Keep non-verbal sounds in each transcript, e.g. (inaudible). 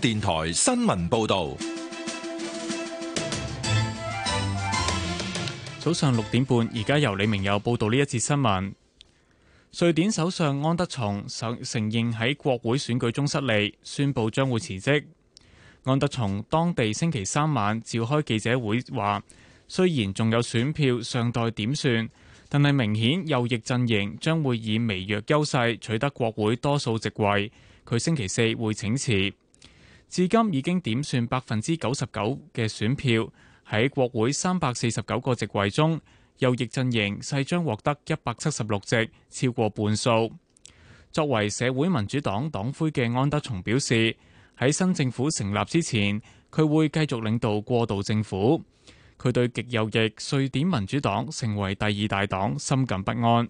電台新聞報道，早上六點半，而家由李明友報道呢一次新聞。瑞典首相安德松承承認喺國會選舉中失利，宣布將會辭職。安德松當地星期三晚召開記者會，話雖然仲有選票尚待點算，但係明顯右翼陣營將會以微弱優勢取得國會多數席位。佢星期四會請辭。至今已經點算百分之九十九嘅選票，喺國會三百四十九個席位中，右翼陣營勢將獲得一百七十六席，超過半數。作為社會民主黨黨魁嘅安德松表示，喺新政府成立之前，佢會繼續領導過渡政府。佢對極右翼瑞典民主黨成為第二大黨深感不安。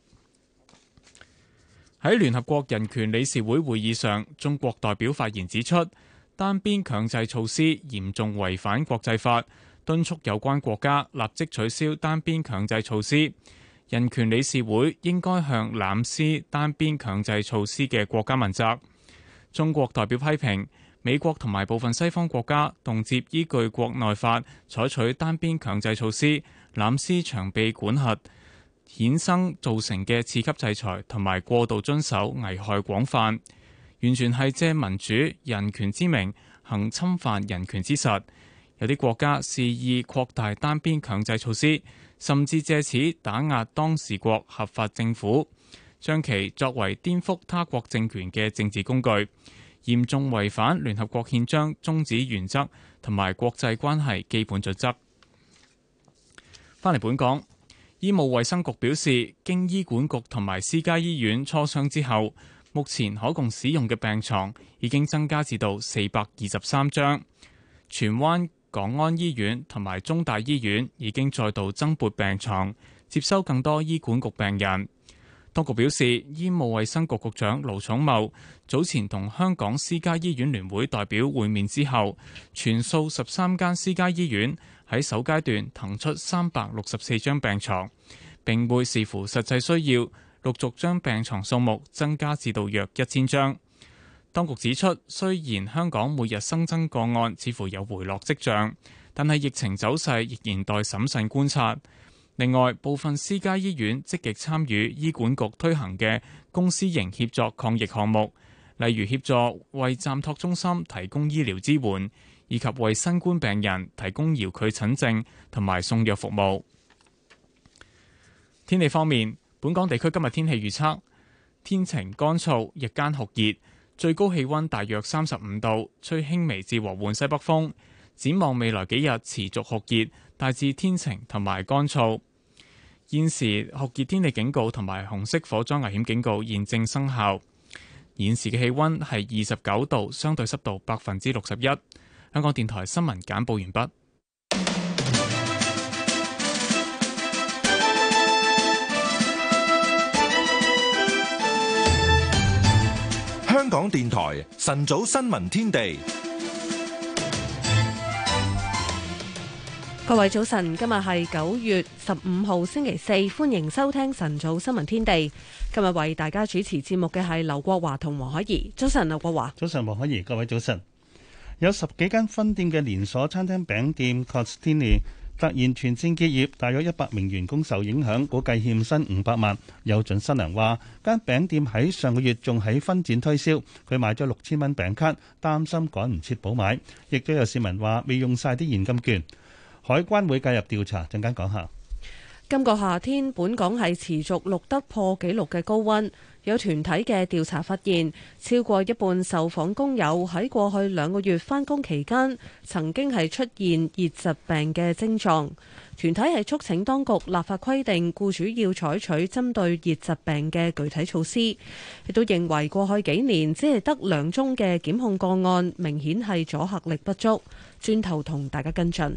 喺聯合國人權理事會會議上，中國代表發言指出，單邊強制措施嚴重違反國際法，敦促有關國家立即取消單邊強制措施。人權理事會應該向濫施單邊強制措施嘅國家問責。中國代表批評美國同埋部分西方國家動輒依據國內法採取單邊強制措施，濫施長臂管轄，衍生造成嘅次級制裁同埋過度遵守危害廣泛。完全係借民主、人權之名行侵犯人權之實。有啲國家肆意擴大單邊強制措施，甚至借此打壓當事國合法政府，將其作為顛覆他國政權嘅政治工具，嚴重違反聯合國憲章宗旨原則同埋國際關係基本準則。返嚟本港，醫務衛生局表示，經醫管局同埋私家醫院磋商之後。目前可供使用嘅病床已經增加至到四百二十三張。荃灣港安醫院同埋中大醫院已經再度增撥病床，接收更多醫管局病人。當局表示，醫務衛生局局長盧寵茂早前同香港私家醫院聯會代表會面之後，全數十三間私家醫院喺首階段騰出三百六十四張病床，並會視乎實際需要。陸續將病床數目增加至到約一千張。當局指出，雖然香港每日新增個案似乎有回落跡象，但係疫情走勢仍然待審慎觀察。另外，部分私家醫院積極參與醫管局推行嘅公私營協作抗疫項目，例如協助為暫託中心提供醫療支援，以及為新冠病人提供遙距診症同埋送藥服務。天氣方面。本港地區今日天氣預測，天晴乾燥，日間酷熱，最高氣温大約三十五度，吹輕微至和緩西北風。展望未來幾日持續酷熱，大致天晴同埋乾燥。現時酷熱天氣警告同埋紅色火災危險警告現正生效。現時嘅氣温係二十九度，相對濕度百分之六十一。香港電台新聞簡報完畢。香港電台晨早新聞天地，各位早晨，今日係九月十五號星期四，歡迎收聽晨早新聞天地。今日為大家主持節目嘅係劉國華同黃可怡。早晨，劉國華。早晨，黃可怡。各位早晨。有十幾間分店嘅連鎖餐廳，餐廳餅店 Costini 突然全線結業，大約一百名員工受影響，估計欠薪五百萬。有準新娘話：間餅店喺上個月仲喺分展推銷，佢買咗六千蚊餅卡，擔心趕唔切補買。亦都有市民話未用晒啲現金券。海關會介入調查，陣間講下。今個夏天，本港係持續錄得破紀錄嘅高溫。有團體嘅調查發現，超過一半受訪工友喺過去兩個月返工期間，曾經係出現熱疾病嘅症狀。團體係促請當局立法規定，僱主要採取針對熱疾病嘅具體措施。亦都認為過去幾年只係得兩宗嘅檢控個案，明顯係阻嚇力不足。轉頭同大家跟進。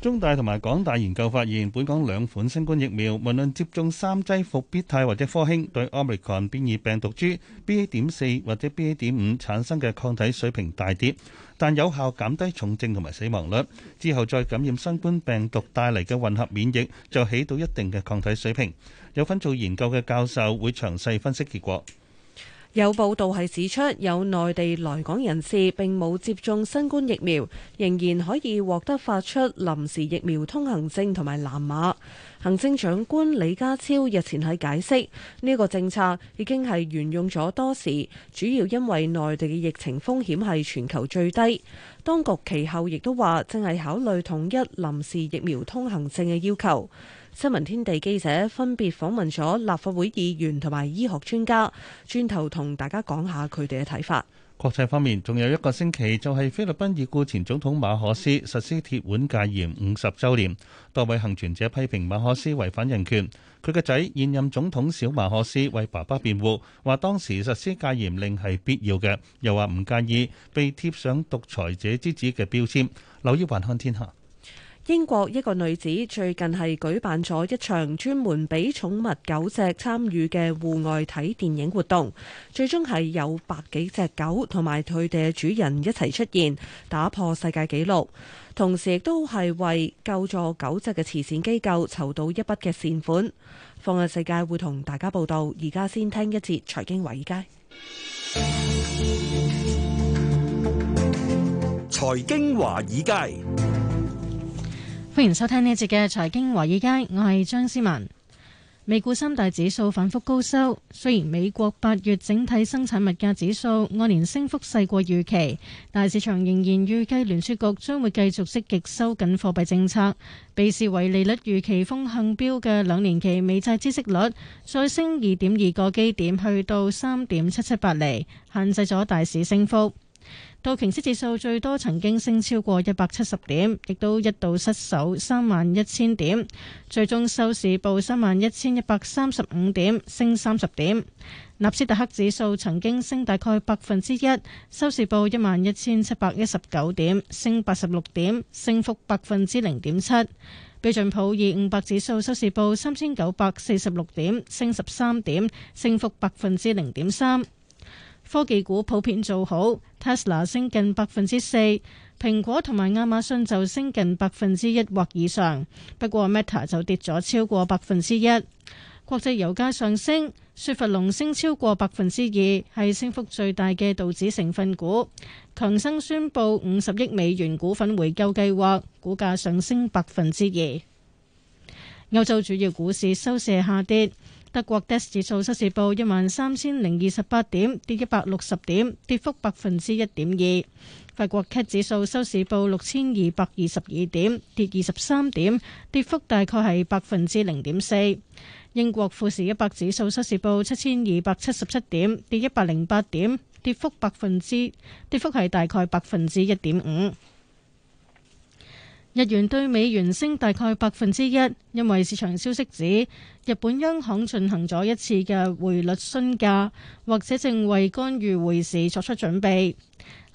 中大同埋港大研究發現，本港兩款新冠疫苗，無論接種三劑復必泰或者科興，對 Omicron 變異病毒株 BA 點四或者 BA 點五產生嘅抗體水平大跌，但有效減低重症同埋死亡率。之後再感染新冠病毒帶嚟嘅混合免疫就起到一定嘅抗體水平。有份做研究嘅教授會詳細分析結果。有報道係指出，有內地來港人士並冇接種新冠疫苗，仍然可以獲得發出臨時疫苗通行證同埋藍碼。行政長官李家超日前喺解釋呢個政策已經係沿用咗多時，主要因為內地嘅疫情風險係全球最低。當局其後亦都話正係考慮統一臨時疫苗通行證嘅要求。新聞天地記者分別訪問咗立法會議員同埋醫學專家，轉頭同大家講下佢哋嘅睇法。國際方面，仲有一個星期就係菲律賓已故前總統馬可斯實施鐵腕戒嚴五十周年，多位倖存者批評馬可斯違反人權。佢嘅仔現任總統小馬可斯為爸爸辯護，話當時實施戒嚴令係必要嘅，又話唔介意被貼上獨裁者之子嘅標籤。留意橫看天下。英國一個女子最近係舉辦咗一場專門俾寵物狗隻參與嘅戶外睇電影活動，最終係有百幾隻狗同埋佢哋嘅主人一齊出現，打破世界紀錄，同時亦都係為救助狗隻嘅慈善機構籌到一筆嘅善款。《放眼世界》會同大家報道，而家先聽一節財經華爾街。財經華爾街。歡迎收聽呢一節嘅財經華爾街，我係張思文。美股三大指數反復高收，雖然美國八月整體生產物價指數按年升幅細過預期，但市場仍然預計聯儲局將會繼續積極收緊貨幣政策。被視為利率預期風向標嘅兩年期美債孳息率再升二點二個基點，去到三點七七八厘，限制咗大市升幅。道瓊斯指數最多曾經升超過一百七十點，亦都一度失守三萬一千點，最終收市報三萬一千一百三十五點，升三十點。納斯達克指數曾經升大概百分之一，收市報一萬一千七百一十九點，升八十六點，升幅百分之零點七。標準普爾五百指數收市報三千九百四十六點，升十三點，升幅百分之零點三。科技股普遍做好，Tesla 升近百分之四，蘋果同埋亞馬遜就升近百分之一或以上，不過 Meta 就跌咗超過百分之一。國際油價上升，雪佛龍升超過百分之二，係升幅最大嘅道指成分股。強生宣佈五十億美元股份回購計劃，股價上升百分之二。歐洲主要股市收市下跌。德國 DAX 指數收市報一萬三千零二十八點，跌一百六十點，跌幅百分之一點二。法國 CAC 指數收市報六千二百二十二點，跌二十三點，跌幅大概係百分之零點四。英國富時一百指數收市報七千二百七十七點，跌一百零八點，跌幅百分之跌幅係大概百分之一點五。日元對美元升大概百分之一，因為市場消息指日本央行進行咗一次嘅匯率詢價，或者正為干預匯市作出準備。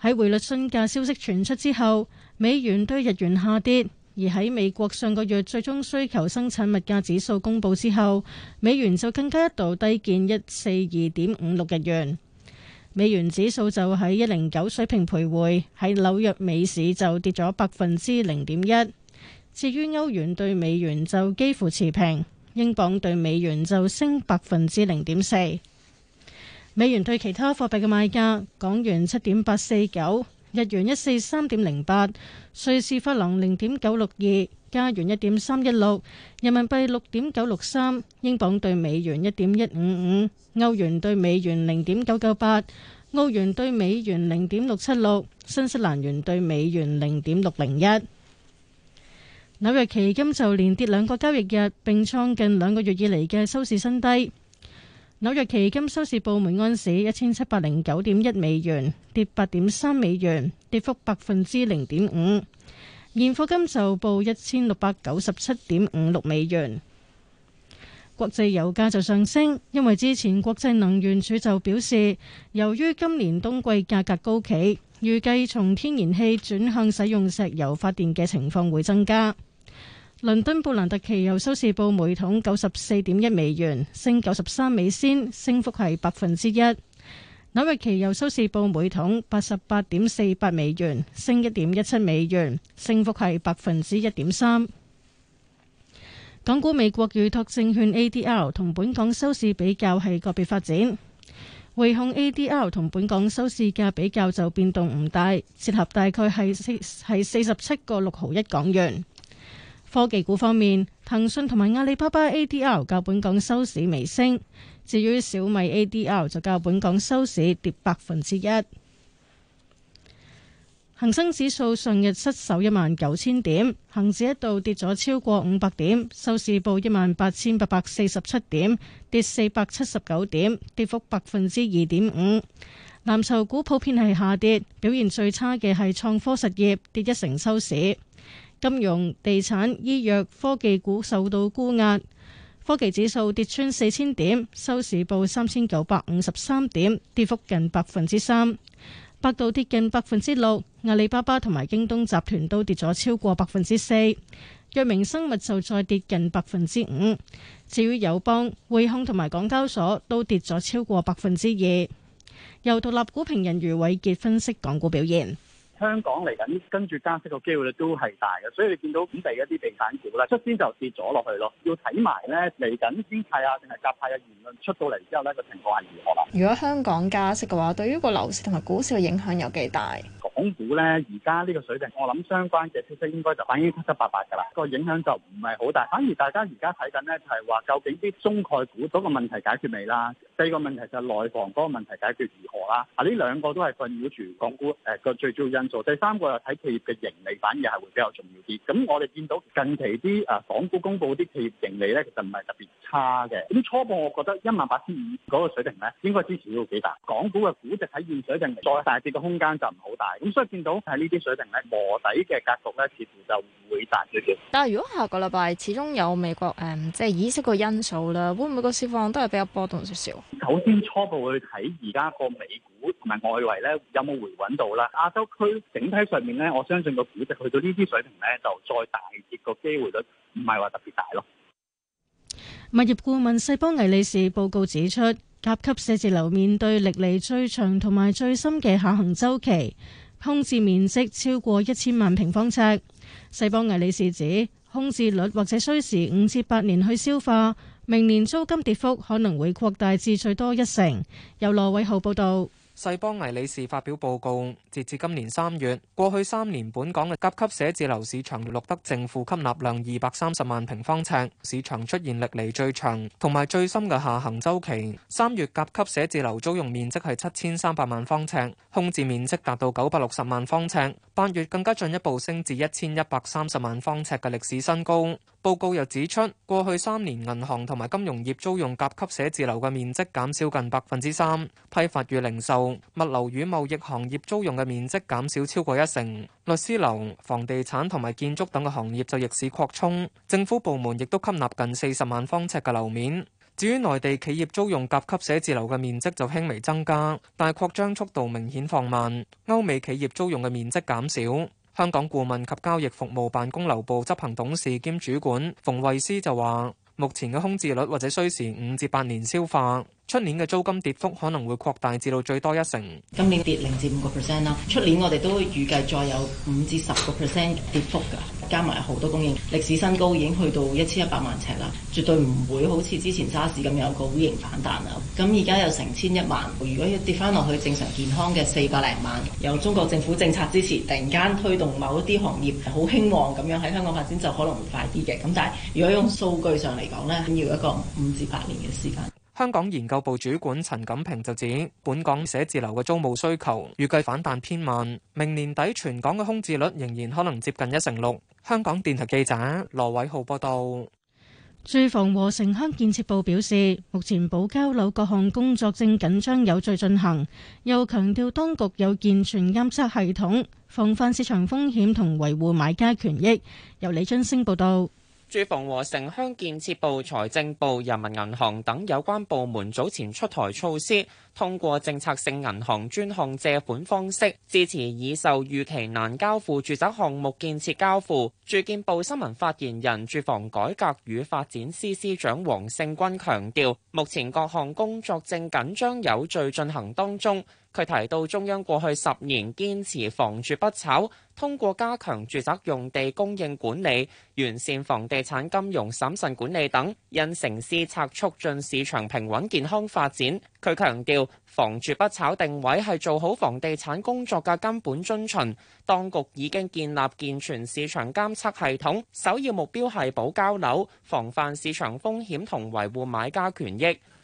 喺匯率詢價消息傳出之後，美元對日元下跌，而喺美國上個月最終需求生產物價指數公佈之後，美元就更加一度低見一四二點五六日元。美元指數就喺一零九水平徘徊，喺紐約美市就跌咗百分之零點一。至於歐元對美元就幾乎持平，英鎊對美元就升百分之零點四。美元對其他貨幣嘅賣價，港元七點八四九，日元一四三點零八，瑞士法郎零點九六二。加元一點三一六，人民幣六點九六三，英鎊兌美元一點一五五，歐元兌美元零點九九八，澳元兌美元零點六七六，新西蘭元兌美元零點六零一。紐約期金就連跌兩個交易日，並創近兩個月以嚟嘅收市新低。紐約期金收市報每安士一千七百零九點一美元，跌八點三美元，跌幅百分之零點五。現貨金就報一千六百九十七點五六美元，國際油價就上升，因為之前國際能源署就表示，由於今年冬季價格高企，預計從天然氣轉向使用石油發電嘅情況會增加。倫敦布蘭特期油收市報每桶九十四點一美元，升九十三美仙，升幅係百分之一。紐約期油收市報每桶八十八點四八美元，升一點一七美元，升幅係百分之一點三。港股美國預託證券 A D R 同本港收市比較係個別發展，匯控 A D R 同本港收市價比較就變動唔大，折合大概係四係四十七個六毫一港元。科技股方面，騰訊同埋阿里巴巴 A D R 較本港收市微升。至於小米 ADR 就較本港收市跌百分之一，恒生指數上日失守一萬九千點，恒指一度跌咗超過五百點，收市報一萬八千八百四十七點，跌四百七十九點，跌幅百分之二點五。藍籌股普遍係下跌，表現最差嘅係創科實業，跌一成收市。金融、地產、醫藥、科技股受到沽壓。科技指數跌穿四千點，收市報三千九百五十三點，跌幅近百分之三。百度跌近百分之六，阿里巴巴同埋京東集團都跌咗超過百分之四。藥明生物就再跌近百分之五。至於友邦、匯控同埋港交所都跌咗超過百分之二。由獨立股評人余偉杰分析港股表現。香港嚟緊跟住加息嘅機會咧，都係大嘅，所以你見到本地一啲地產股咧，出先就跌咗落去咯。要睇埋咧嚟緊先派啊，定係鴿派嘅言論出到嚟之後咧，個情況係如何啊？如果香港加息嘅話，對於個樓市同埋股市嘅影響有幾大？港股咧，而家呢個水平，我諗相關嘅消息應該就反映七七八八㗎啦。個影響就唔係好大，反而大家而家睇緊咧，就係、是、話究竟啲中概股嗰個問題解決未啦？第二個問題就係內房嗰個問題解決如何啦？啊，呢兩個都係困擾住港股誒個、呃、最主因。.做第三個又睇企業嘅盈利，反而係會比較重要啲。咁我哋見到近期啲誒、啊、港股公布啲企業盈利咧，其實唔係特別差嘅。咁初步我覺得一萬八千五嗰個水平咧，應該支持要幾大？港股嘅估值喺現水平再大跌嘅空間就唔好大。咁所以見到喺呢啲水平咧，磨底嘅格局咧，似乎就唔會大嘅。但係如果下個禮拜始終有美國誒、嗯，即係議息個因素啦，會唔會個市況都係比較波動少少？首先初步去睇而家個美。同埋外圍呢，有冇回穩到啦？亞洲區整體上面呢，我相信個估值去到呢啲水平呢，就再大跌個機會率唔係話特別大咯。物業顧問世邦魏理士報告指出，甲級寫字樓面對歷嚟最長同埋最深嘅下行週期，空置面積超過一千萬平方尺。世邦魏理士指空置率或者需時五至八年去消化，明年租金跌幅可能會擴大至最多一成。由羅偉浩報道。世邦魏理仕發表報告，截至今年三月，過去三年本港嘅甲級寫字樓市場錄得正負吸納量二百三十萬平方尺，市場出現歷嚟最長同埋最深嘅下行周期。三月甲級寫字樓租用面積係七千三百萬方尺，空置面積達到九百六十萬方尺，八月更加進一步升至一千一百三十萬方尺嘅歷史新高。報告又指出，過去三年銀行同埋金融業租用甲級寫字樓嘅面積減少近百分之三，批發與零售、物流與貿易行業租用嘅面積減少超過一成。律師樓、房地產同埋建築等嘅行業就逆市擴充，政府部門亦都吸納近四十萬方呎嘅樓面。至於內地企業租用甲級寫字樓嘅面積就輕微增加，但係擴張速度明顯放慢。歐美企業租用嘅面積減少。香港顧問及交易服務辦公樓部執行董事兼主管馮惠思就話，目前嘅空置率或者需時五至八年消化。出年嘅租金跌幅可能會擴大，至到最多一成。今年跌零至五個 percent 啦，出年我哋都預計再有五至十個 percent 跌幅噶，加埋好多供應，歷史新高已經去到一千一百萬尺啦，絕對唔會好似之前沙士咁有個 U 形反彈啊。咁而家有成千一萬，如果要跌翻落去正常健康嘅四百零萬，有中國政府政策支持，突然間推動某一啲行業好興旺咁樣喺香港發展，就可能會快啲嘅。咁但係如果用數據上嚟講咧，要一個五至八年嘅時間。香港研究部主管陳錦平就指，本港寫字樓嘅租務需求預計反彈偏慢，明年底全港嘅空置率仍然可能接近一成六。香港電台記者羅偉浩報道。住房和城鄉建設部表示，目前保交樓各項工作正緊張有序進行，又強調當局有健全監測系統，防範市場風險同維護買家權益。由李津升報道。住房和城鄉建設部、財政部、人民銀行等有關部門早前出台措施，通過政策性銀行專項借款方式支持已售預期難交付住宅項目建設交付。住建部新聞發言人、住房改革與發展司司長王勝軍強調，目前各項工作正緊張有序進行當中。佢提到中央過去十年堅持房住不炒，通過加強住宅用地供應管理、完善房地產金融審慎管理等，因城施策促進市場平穩健康發展。佢強調房住不炒定位係做好房地產工作嘅根本遵循，當局已經建立健全市場監測系統，首要目標係保交樓、防範市場風險同維護買家權益。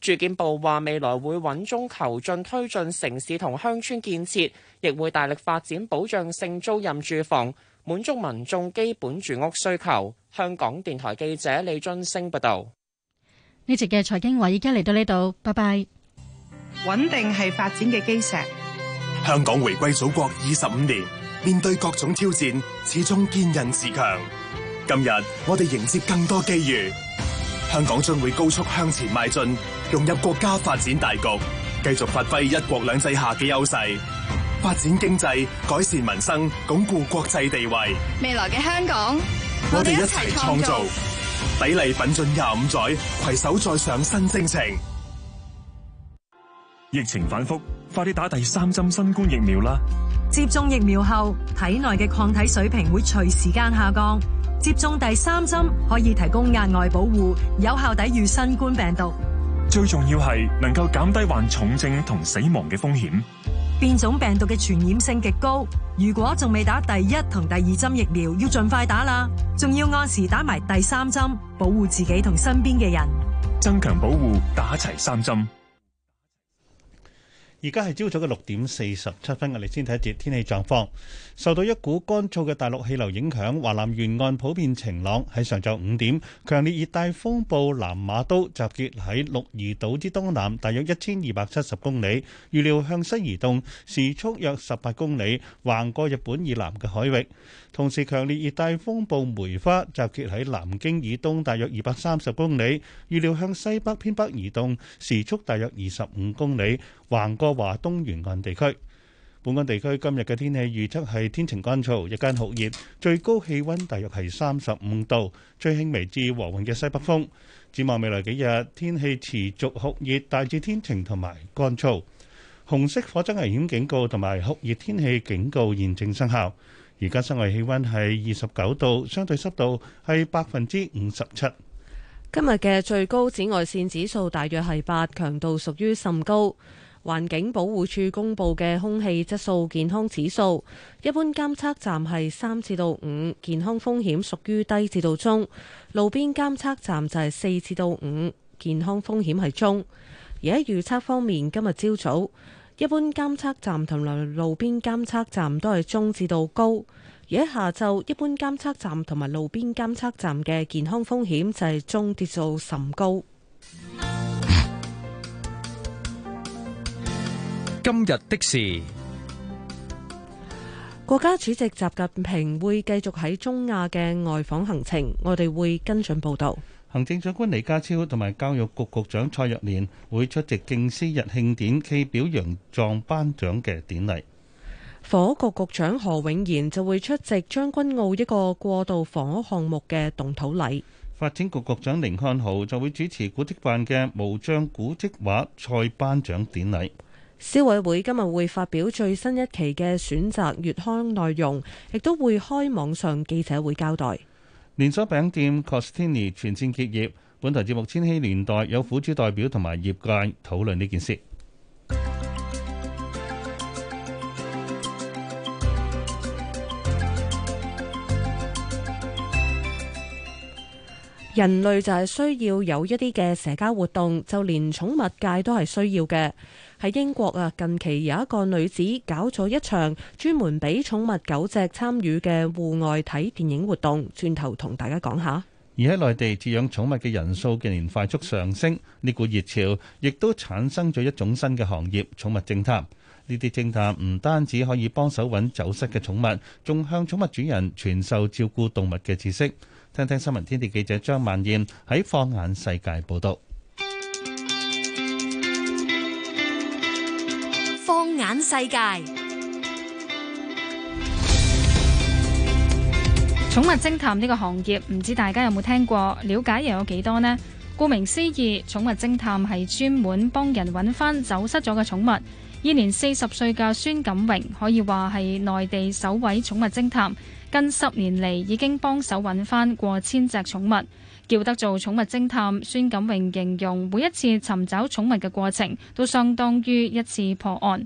住建部話未來會穩中求進推進城市同鄉村建設，亦會大力發展保障性租賃住房，滿足民眾基本住屋需求。香港電台記者李津星報道。呢節嘅財經話已經嚟到呢度，拜拜。穩定係發展嘅基石。香港回歸祖國二十五年，面對各種挑戰，始終堅韌自強。今日我哋迎接更多機遇，香港將會高速向前邁進。融入國家發展大局，繼續發揮一國兩制下嘅優勢，發展經濟，改善民生，鞏固國際地位。未來嘅香港，我哋一齊創造，砥礪奮進廿五載，攜手再上新征程。疫情反復，快啲打第三針新冠疫苗啦！接種疫苗後，體內嘅抗體水平會隨時間下降，接種第三針可以提供額外保護，有效抵禦新冠病毒。最重要係能夠減低患重症同死亡嘅風險。變種病毒嘅傳染性極高，如果仲未打第一同第二針疫苗，要儘快打啦。仲要按時打埋第三針，保護自己同身邊嘅人。增強保護，打齊三針。而家係朝早嘅六點四十七分，我哋先睇一節天氣狀況。受到一股乾燥嘅大陸氣流影響，華南沿岸普遍晴朗。喺上晝五點，強烈熱帶風暴南馬都集結喺鹿兒島之東南，大約一千二百七十公里，預料向西移動，時速約十八公里，橫過日本以南嘅海域。同時，強烈熱帶風暴梅花集結喺南京以東，大約二百三十公里，預料向西北偏北移動，時速大約二十五公里，橫過，華東沿岸地區，本港地區今日嘅天氣預測係天晴乾燥，日間酷熱，最高氣溫大約係三十五度，最輕微至和緩嘅西北風。展望未來幾日，天氣持續酷熱，大致天晴同埋乾燥。紅色火災危險警告同埋酷熱天氣警告現正生效。而家室外氣溫係二十九度，相對濕度係百分之五十七。今日嘅最高紫外線指數大約係八，強度屬於甚高。環境保護署公布嘅空氣質素健康指數，一般監測站係三至到五，健康風險屬於低至到中；路邊監測站就係四至到五，健康風險係中。而喺預測方面，今日朝早，一般監測站同埋路邊監測站都係中至到高；而喺下晝，一般監測站同埋路邊監測站嘅健康風險就係中跌到甚高。今日的事，國家主席習近平會繼續喺中亞嘅外訪行程，我哋會跟進報道。行政長官李家超同埋教育局局長蔡若蓮會出席敬師日慶典暨表揚狀頒獎嘅典禮。房屋局局長何永賢就會出席將軍澳一個過渡房屋項目嘅動土禮。發展局局長寧漢豪就會主持古蹟辦嘅無障古蹟畫賽頒獎典禮。消委會今日會發表最新一期嘅選擇月刊內容，亦都會開網上記者會交代。連鎖餅店 Costini 全線結業。本台節目《千禧年代》有苦主代表同埋業界討論呢件事。人類就係需要有一啲嘅社交活動，就連寵物界都係需要嘅。喺英國啊，近期有一個女子搞咗一場專門俾寵物狗隻參與嘅戶外睇電影活動，轉頭同大家講下。而喺內地，飼養寵物嘅人數近年快速上升，呢股熱潮亦都產生咗一種新嘅行業——寵物偵探。呢啲偵探唔單止可以幫手揾走失嘅寵物，仲向寵物主人傳授照顧動物嘅知識。聽聽新聞天地記者張萬燕喺放眼世界報道。世界寵物偵探呢個行業唔知大家有冇聽過，了解又有幾多呢？顧名思義，寵物偵探係專門幫人揾翻走失咗嘅寵物。依年四十歲嘅孫錦榮可以話係內地首位寵物偵探，近十年嚟已經幫手揾翻過千隻寵物。叫得做寵物偵探，孫錦榮形容每一次尋找寵物嘅過程都相當於一次破案。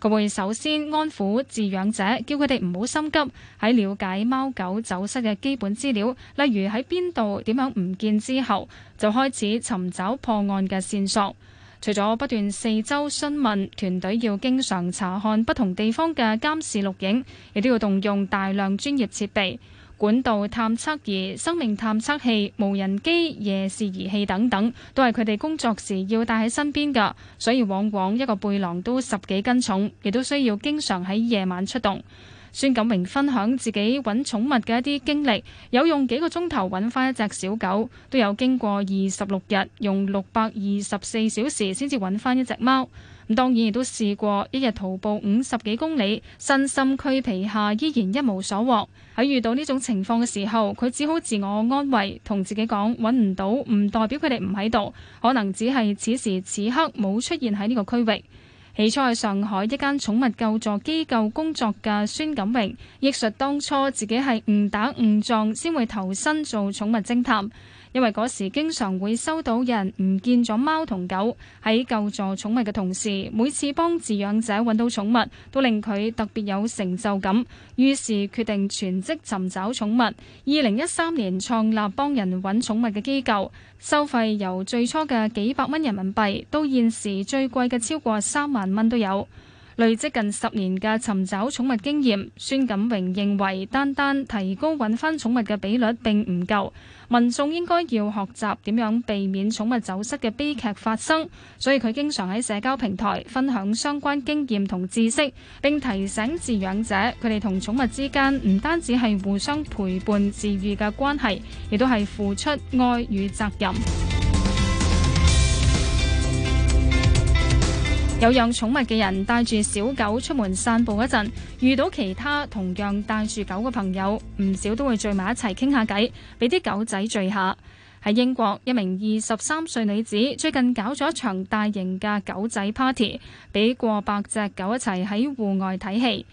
佢會首先安撫飼養者，叫佢哋唔好心急。喺了解貓狗走失嘅基本資料，例如喺邊度、點樣唔見之後，就開始尋找破案嘅線索。除咗不斷四周詢問，團隊要經常查看不同地方嘅監視錄影，亦都要動用大量專業設備。管道探測儀、生命探測器、無人機、夜視儀器等等，都係佢哋工作時要帶喺身邊噶，所以往往一個背囊都十幾斤重，亦都需要經常喺夜晚出動。孫錦明分享自己揾寵物嘅一啲經歷，有用幾個鐘頭揾翻一隻小狗，都有經過二十六日，用六百二十四小時先至揾翻一隻貓。當然亦都試過一日徒步五十幾公里，身心俱疲下依然一無所獲。喺遇到呢種情況嘅時候，佢只好自我安慰，同自己講揾唔到唔代表佢哋唔喺度，可能只係此時此刻冇出現喺呢個區域。起初喺上海一間寵物救助機構工作嘅孫錦榮，亦述當初自己係誤打誤撞先會投身做寵物偵探。因為嗰時經常會收到人唔見咗貓同狗，喺救助寵物嘅同時，每次幫飼養者揾到寵物，都令佢特別有成就感。於是決定全職尋找寵物。二零一三年創立幫人揾寵物嘅機構，收費由最初嘅幾百蚊人民幣，到現時最貴嘅超過三萬蚊都有。累積近十年嘅尋找寵物經驗，孫錦榮認為單單提高揾翻寵物嘅比率並唔夠，民眾應該要學習點樣避免寵物走失嘅悲劇發生。所以佢經常喺社交平台分享相關經驗同知識，並提醒飼養者佢哋同寵物之間唔單止係互相陪伴治愈嘅關係，亦都係付出愛與責任。有養寵物嘅人帶住小狗出門散步嗰陣，遇到其他同樣帶住狗嘅朋友，唔少都會聚埋一齊傾下偈，俾啲狗仔聚下。喺英國，一名二十三歲女子最近搞咗一場大型嘅狗仔 party，俾過百隻狗一齊喺戶外睇戲。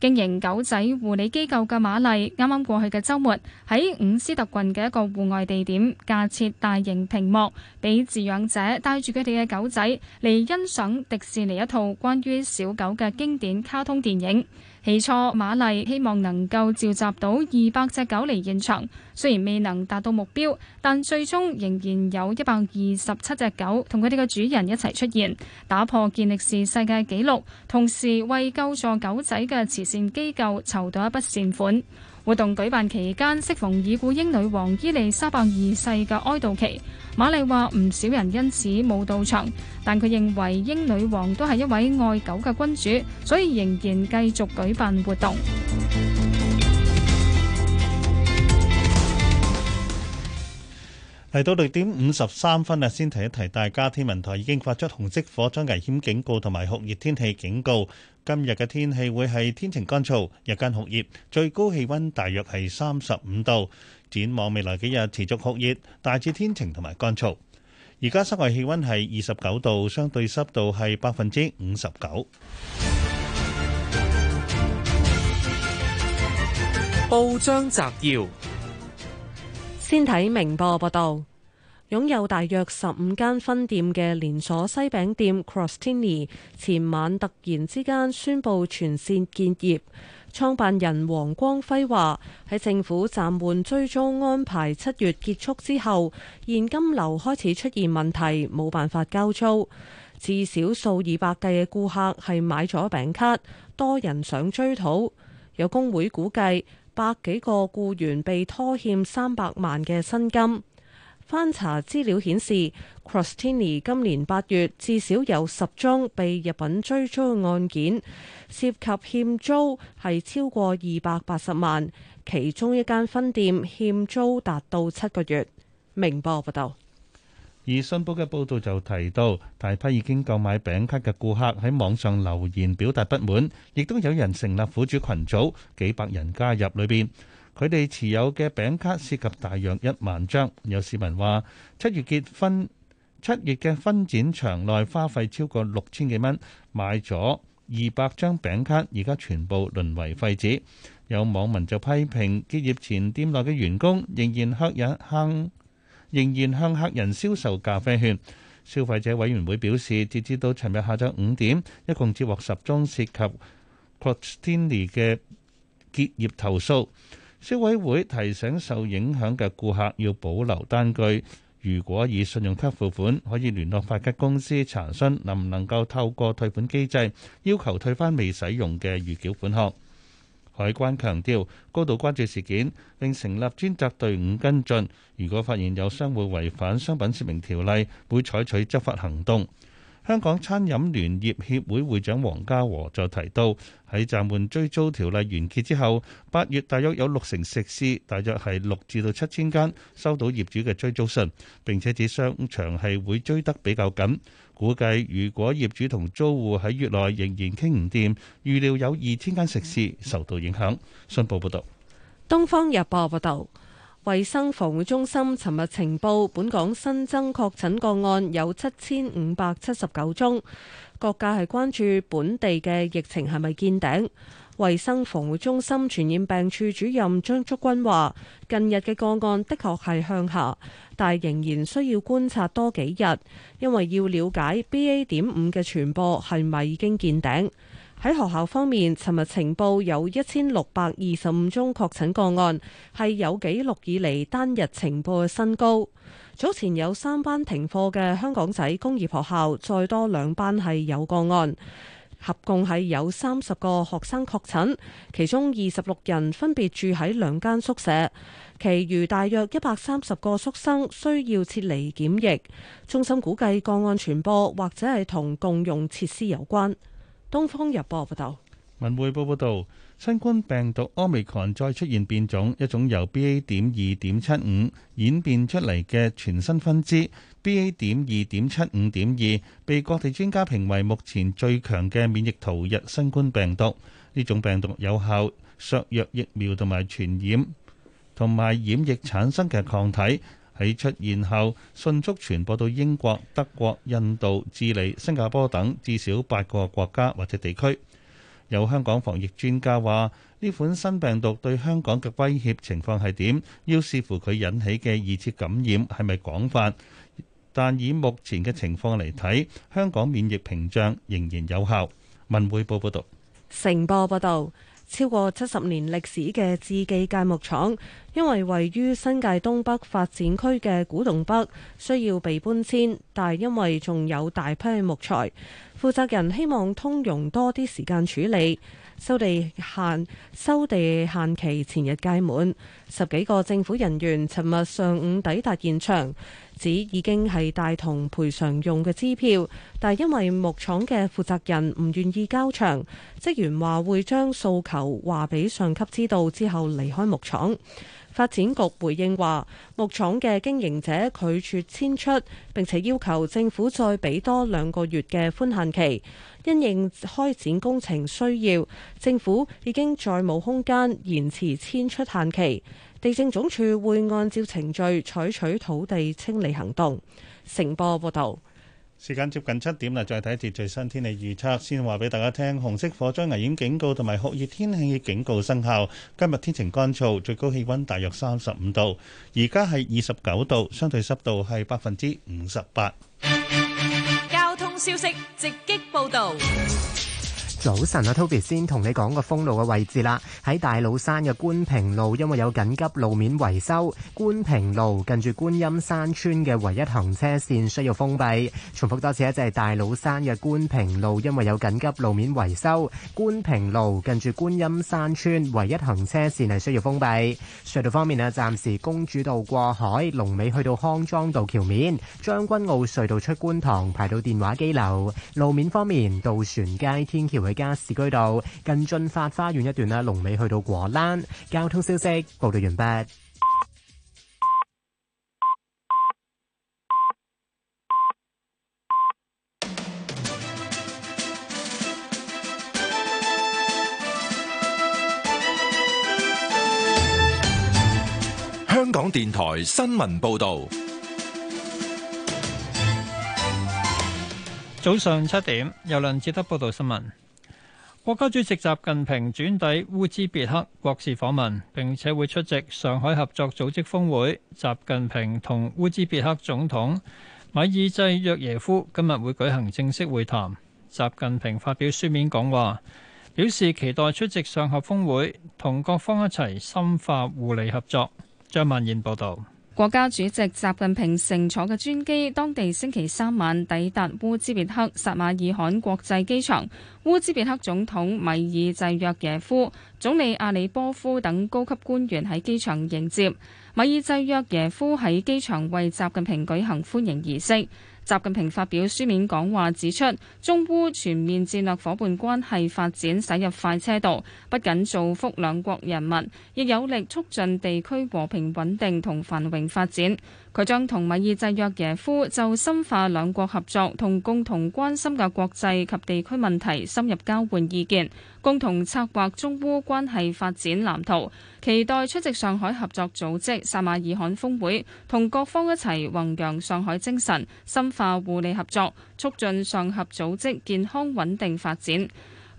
經營狗仔護理機構嘅瑪麗，啱啱過去嘅周末喺伍斯特郡嘅一個戶外地點架設大型屏幕，俾飼養者帶住佢哋嘅狗仔嚟欣賞迪士尼一套關於小狗嘅經典卡通電影。起初，瑪麗希望能夠召集到二百隻狗嚟現場，雖然未能達到目標，但最終仍然有一百二十七隻狗同佢哋嘅主人一齊出現，打破健力士世界紀錄，同時為救助狗仔嘅慈善機構籌到一筆善款。活動舉辦期間，適逢已故英女王伊麗莎白二世嘅哀悼期，瑪麗話唔少人因此冇到場，但佢認為英女王都係一位愛狗嘅君主，所以仍然繼續舉辦活動。嚟到六點五十三分啊，先提一提大家，天文台已經發出紅色火災危險警告同埋酷熱天氣警告。今日嘅天氣會係天晴乾燥，日間酷熱，最高氣溫大約係三十五度。展望未來幾日持續酷熱，大致天晴同埋乾燥。而家室外氣溫係二十九度，相對濕度係百分之五十九。報章摘要，先睇明報報道。擁有大約十五間分店嘅連鎖西餅店 Crostini 前晚突然之間宣布全線結業。創辦人黃光輝話：喺政府暫緩追租安排七月結束之後，現金流開始出現問題，冇辦法交租。至少數以百計嘅顧客係買咗餅卡，多人想追討。有工會估計百幾個僱員被拖欠三百萬嘅薪金。翻查資料顯示，Crostini 今年八月至少有十宗被日本追租嘅案件，涉及欠租係超過二百八十萬，其中一間分店欠租達到七個月。明報報道。而信報嘅報導就提到，大批已經購買餅卡嘅顧客喺網上留言表達不滿，亦都有人成立苦主群組，幾百人加入裏邊。佢哋持有嘅餅卡涉及大約一萬張。有市民話：七月結婚，七月嘅分展場內花費超過六千幾蚊，買咗二百張餅卡，而家全部淪為廢紙。有網民就批評結業前店內嘅員工仍然向客人仍然向客人銷售咖啡券。消費者委員會表示，截至到尋日下晝五點，一共接獲十宗涉及 Crostini 嘅結業投訴。消委會提醒受影響嘅顧客要保留單據，如果以信用卡付款，可以聯絡發卡公司查詢能唔能夠透過退款機制要求退翻未使用嘅預繳款項。海關強調高度關注事件，並成立專責隊伍跟進，如果發現有商戶違反商品說明條例，會採取執法行動。香港餐飲聯業協會會長黃家和就提到，喺暫緩追租條例完結之後，八月大約有六成食肆，大約係六至到七千間收到業主嘅追租信，並且指商場係會追得比較緊。估計如果業主同租戶喺月內仍然傾唔掂，預料有二千間食肆受到影響。信報報道，東方日報報道。衛生防護中心尋日情報，本港新增確診個案有七千五百七十九宗。各界係關注本地嘅疫情係咪見頂。衛生防護中心傳染病處主任張竹君話，近日嘅個案的確係向下，但仍然需要觀察多幾日，因為要了解 B A. 點五嘅傳播係咪已經見頂。喺學校方面，尋日呈報有一千六百二十五宗確診個案，係有紀錄以嚟單日呈報嘅新高。早前有三班停課嘅香港仔工業學校，再多兩班係有個案，合共係有三十個學生確診，其中二十六人分別住喺兩間宿舍，其餘大約一百三十個宿生需要撤離檢疫中心，估計個案傳播或者係同共用設施有關。東方日報報道，文匯報報道，新冠病毒 Omicron 再出現變種，一種由 B A. 點二點七五演變出嚟嘅全新分支 B A. 點二點七五點二，2. 2，被各地專家評為目前最強嘅免疫逃逸新冠病毒。呢種病毒有效削弱疫苗同埋傳染同埋染疫產生嘅抗體。喺出現後，迅速傳播到英國、德國、印度、智利、新加坡等至少八個國家或者地區。有香港防疫專家話：呢款新病毒對香港嘅威脅情況係點？要視乎佢引起嘅二次感染係咪廣泛。但以目前嘅情況嚟睇，香港免疫屏障仍然有效。文匯報報道，成報報道。超過七十年歷史嘅志記鎅木廠，因為位於新界東北發展區嘅古洞北，需要被搬遷，但係因為仲有大批木材，負責人希望通融多啲時間處理。收地限收地限期前日屆滿，十幾個政府人員尋日上午抵達現場，指已經係帶同賠償用嘅支票，但係因為木廠嘅負責人唔願意交場，職員話會將訴求話俾上級知道之後離開木廠。發展局回應話，木廠嘅經營者拒絕遷出，並且要求政府再俾多兩個月嘅寬限期。因應開展工程需要，政府已經再冇空間延遲遷出限期。地政總署會按照程序採取土地清理行動。成報報道：「時間接近七點啦，再睇一節最新天氣預測。先話俾大家聽，紅色火災危險警告同埋酷熱天氣警告生效。今日天晴乾燥，最高氣温大約三十五度，而家係二十九度，相對濕度係百分之五十八。消息直擊報導。早晨啊，Toby 先同你講個封路嘅位置啦。喺大老山嘅觀平路，因為有緊急路面維修，觀平路近住觀音山村嘅唯一行車線需要封閉。重複多次一、啊、就係、是、大老山嘅觀平路，因為有緊急路面維修，觀平路近住觀音山村唯一行車線係需要封閉。隧道方面啊，暫時公主道過海，龍尾去到康莊道橋面，將軍澳隧道出觀塘，排到電話機樓。路面方面，渡船街天橋。加士居道近駿發花園一段咧，龍尾去到果欄。交通消息報道完畢。香港電台新聞報道，早上七點，由梁志德報道新聞。國家主席習近平轉抵烏茲別克國事訪問，並且會出席上海合作組織峰會。習近平同烏茲別克總統米爾濟約耶夫今日會舉行正式會談。習近平發表書面講話，表示期待出席上合峰會，同各方一齊深化互利合作。張曼燕報道。國家主席習近平乘坐嘅專機，當地星期三晚抵達烏茲別克薩馬爾罕國際機場。烏茲別克總統米爾濟約耶夫、總理阿里波夫等高級官員喺機場迎接。米爾濟約耶夫喺機場為習近平舉行歡迎儀式。習近平發表書面講話指出，中烏全面戰略夥伴關係發展駛入快車道，不僅造福兩國人民，亦有力促進地區和平穩定同繁榮發展。佢將同米爾濟約耶夫就深化兩國合作同共同關心嘅國際及地區問題深入交換意見，共同策劃中烏關係發展藍圖。期待出席上海合作組織撒馬爾罕峰會，同各方一齊弘揚上海精神，深化互利合作，促進上合組織健康穩定發展。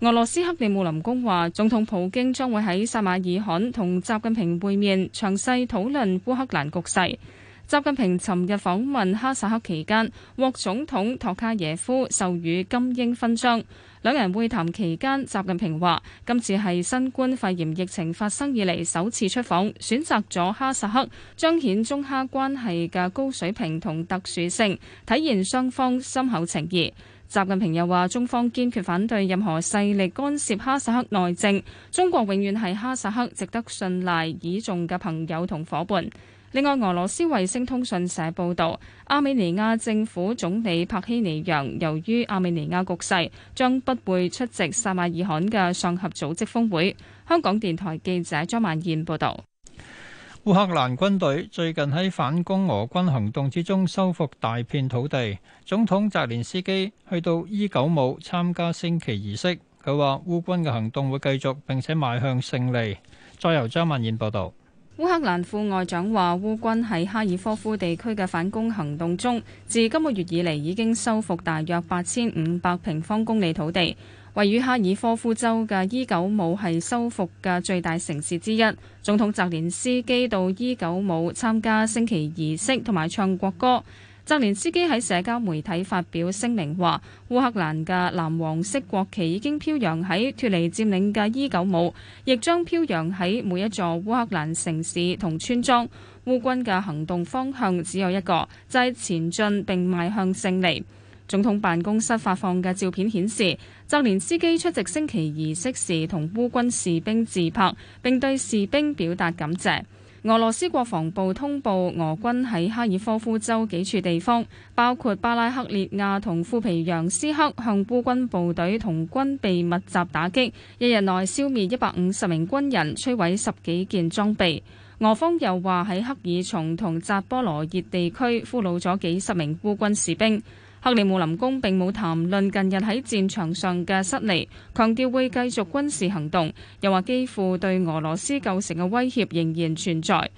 俄羅斯克里姆林宮話，總統普京將會喺撒馬爾罕同習近平會面，詳細討論烏克蘭局勢。習近平尋日訪問哈薩克期間，獲總統托卡耶夫授予金鷹勳章。兩人會談期間，習近平話：今次係新冠肺炎疫情發生以嚟首次出訪，選擇咗哈薩克，彰顯中哈關係嘅高水平同特殊性，體現雙方深厚情誼。習近平又話：中方堅決反對任何勢力干涉哈薩克內政，中國永遠係哈薩克值得信賴倚重嘅朋友同夥伴。另外，俄羅斯衛星通訊社報導，亞美尼亞政府總理帕希尼揚由於亞美尼亞局勢，將不會出席薩馬爾罕嘅上合組織峰會。香港電台記者張萬燕報導。烏克蘭軍隊最近喺反攻俄軍行動之中收復大片土地，總統澤連斯基去到伊久姆參加升旗儀式。佢話烏軍嘅行動會繼續並且邁向勝利。再由張萬燕報導。烏克蘭副外長話，烏軍喺哈爾科夫地區嘅反攻行動中，自今個月以嚟已經收復大約八千五百平方公里土地。位於哈爾科夫州嘅伊久姆係收復嘅最大城市之一。總統澤連斯基到伊久姆參加升旗儀式同埋唱國歌。澤連斯基喺社交媒體發表聲明話：烏克蘭嘅藍黃色國旗已經飄揚喺脱離佔領嘅伊久姆，亦將飄揚喺每一座烏克蘭城市同村莊。烏軍嘅行動方向只有一個，就係、是、前進並邁向勝利。總統辦公室發放嘅照片顯示，澤連斯基出席升旗儀式時同烏軍士兵自拍，並對士兵表達感謝。俄羅斯國防部通報，俄軍喺哈爾科夫州幾處地方，包括巴拉克列亞同庫皮揚斯克，向烏軍部隊同軍備密集打擊，一日內消滅一百五十名軍人，摧毀十幾件裝備。俄方又話喺克爾松同扎波羅熱地區，俘虜咗幾十名烏軍士兵。克里姆林宮並冇談論近日喺戰場上嘅失利，強調會繼續軍事行動，又話幾乎對俄羅斯構成嘅威脅仍然存在。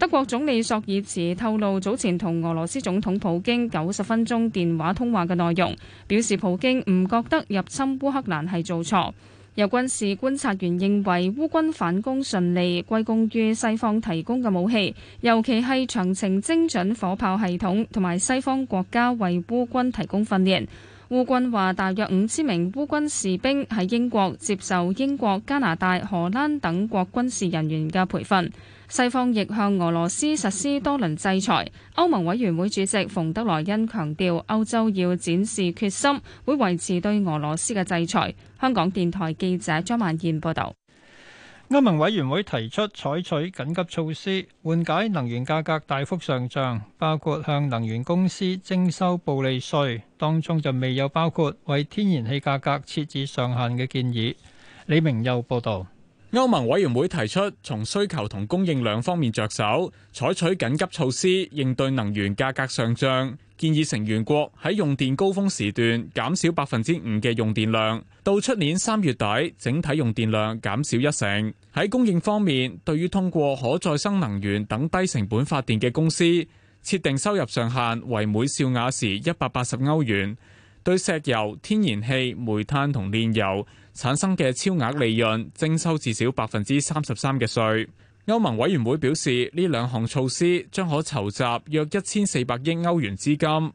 德國總理朔爾茨透露早前同俄羅斯總統普京九十分鐘電話通話嘅內容，表示普京唔覺得入侵烏克蘭係做錯。有軍事觀察員認為烏軍反攻順利，歸功於西方提供嘅武器，尤其係長程精準火炮系統，同埋西方國家為烏軍提供訓練。烏軍話，大約五千名烏軍士兵喺英國接受英國、加拿大、荷蘭等國軍事人員嘅培訓。西方亦向俄羅斯實施多輪制裁。歐盟委員會主席馮德萊恩強調，歐洲要展示決心，會維持對俄羅斯嘅制裁。香港電台記者張曼燕報道，歐盟委員會提出採取緊急措施緩解能源價格大幅上漲，包括向能源公司徵收暴利稅，當中就未有包括為天然氣價格設置上限嘅建議。李明又報導。歐盟委員會提出從需求同供應兩方面着手，採取緊急措施應對能源價格上漲。建議成員國喺用電高峰時段減少百分之五嘅用電量，到出年三月底，整體用電量減少一成。喺供應方面，對於通過可再生能源等低成本發電嘅公司，設定收入上限為每兆瓦時一百八十歐元。對石油、天然氣、煤炭同煉油產生嘅超額利潤徵收至少百分之三十三嘅稅。稅，歐盟委員會表示，呢兩項措施將可籌集約一千四百億歐元資金。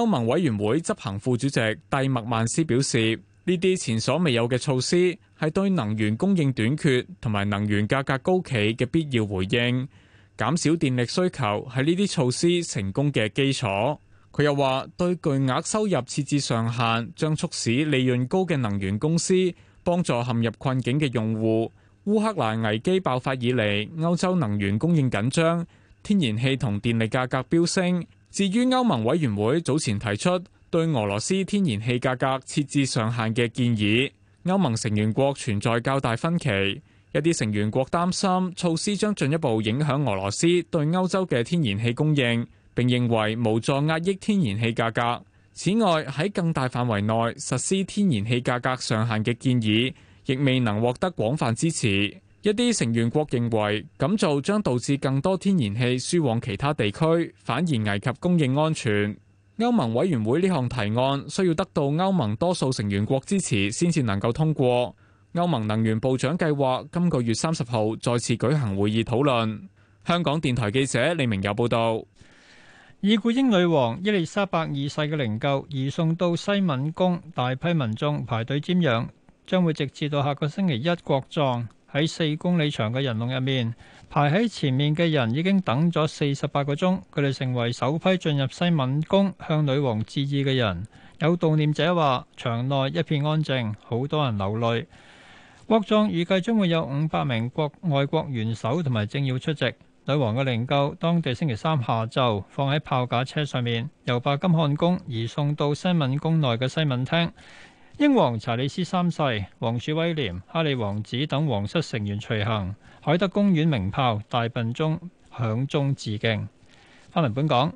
歐盟委員會執行副主席蒂默曼斯表示，呢啲前所未有嘅措施係對能源供應短缺同埋能源價格高企嘅必要回應。減少電力需求係呢啲措施成功嘅基礎。佢又話：對巨額收入設置上限，將促使利潤高嘅能源公司幫助陷入困境嘅用戶。烏克蘭危機爆發以嚟，歐洲能源供應緊張，天然氣同電力價格飆升。至於歐盟委員會早前提出對俄羅斯天然氣價格設置上限嘅建議，歐盟成員國存在較大分歧。一啲成員國擔心措施將進一步影響俄羅斯對歐洲嘅天然氣供應。並認為無助壓抑天然氣價格。此外，喺更大範圍內實施天然氣價格上限嘅建議，亦未能獲得廣泛支持。一啲成員國認為咁做將導致更多天然氣輸往其他地區，反而危及供應安全。歐盟委員會呢項提案需要得到歐盟多數成員國支持，先至能夠通過。歐盟能源部長計劃今個月三十號再次舉行會議討論。香港電台記者李明友報道。已故英女王伊麗莎白二世嘅靈柩移送到西敏宮，大批民眾排隊瞻仰，將會直至到下個星期一國葬。喺四公里長嘅人龍入面，排喺前面嘅人已經等咗四十八個鐘。佢哋成為首批進入西敏宮向女王致意嘅人。有悼念者話，場內一片安靜，好多人流淚。國葬預計將會有五百名國外國元首同埋政要出席。女王嘅靈柩，當地星期三下晝放喺炮架車上面，由白金漢宮移送到西敏宮內嘅西敏廳。英皇查理斯三世、王儲威廉、哈利王子等皇室成員隨行。海德公園鳴炮、大笨鐘響鐘致敬。翻嚟本港，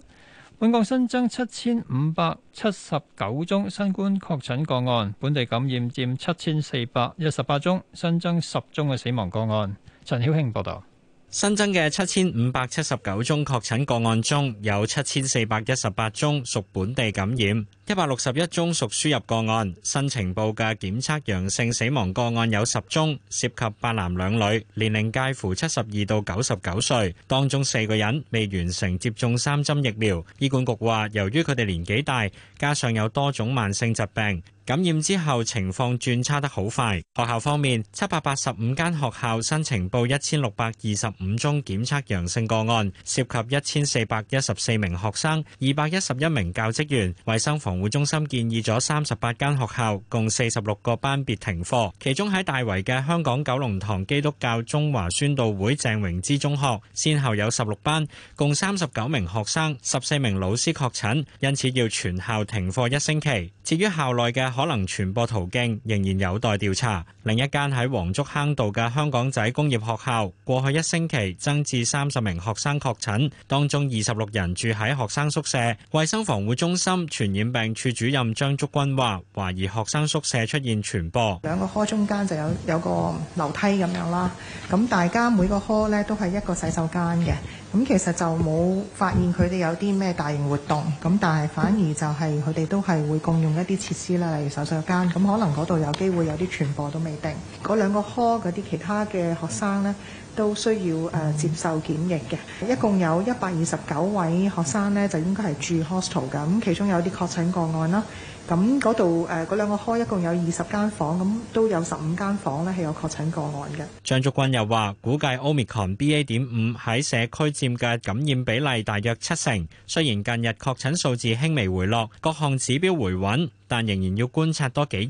本港新增七千五百七十九宗新冠確診個案，本地感染佔七千四百一十八宗，新增十宗嘅死亡個案。陳曉慶報道。新增嘅七千五百七十九宗確診個案中，有七千四百一十八宗屬本地感染，一百六十一宗屬輸入個案。新呈報嘅檢測陽性死亡個案有十宗，涉及八男兩女，年齡介乎七十二到九十九歲，當中四個人未完成接種三針疫苗。醫管局話，由於佢哋年紀大，加上有多種慢性疾病。感染之後情況轉差得好快。學校方面，七百八十五間學校申請報一千六百二十五宗檢測陽性個案，涉及一千四百一十四名學生、二百一十一名教職員。衛生防護中心建議咗三十八間學校，共四十六個班別停課。其中喺大圍嘅香港九龍塘基督教中華宣道會鄭榮之中學，先後有十六班，共三十九名學生、十四名老師確診，因此要全校停課一星期。至於校內嘅，可能傳播途徑仍然有待調查。另一間喺黃竹坑道嘅香港仔工業學校，過去一星期增至三十名學生確診，當中二十六人住喺學生宿舍。衛生防護中心傳染病處主任張竹君話，懷疑學生宿舍出現傳播。兩個科中間就有有個樓梯咁樣啦，咁大家每個科呢，都係一個洗手間嘅。咁其實就冇發現佢哋有啲咩大型活動，咁但係反而就係佢哋都係會共用一啲設施啦，例如手術間。咁可能嗰度有機會有啲傳播都未定。嗰兩個科嗰啲其他嘅學生咧，都需要誒、呃、接受檢疫嘅。一共有一百二十九位學生呢，就應該係住 h o s p i t a l 㗎。咁其中有啲確診個案啦。咁嗰度誒嗰兩個開，一共有二十間房，咁都有十五間房咧，係有確診個案嘅。張竹君又話，估計 Omicron BA.5 喺社區佔嘅感染比例大約七成。雖然近日確診數字輕微回落，各項指標回穩，但仍然要觀察多幾日，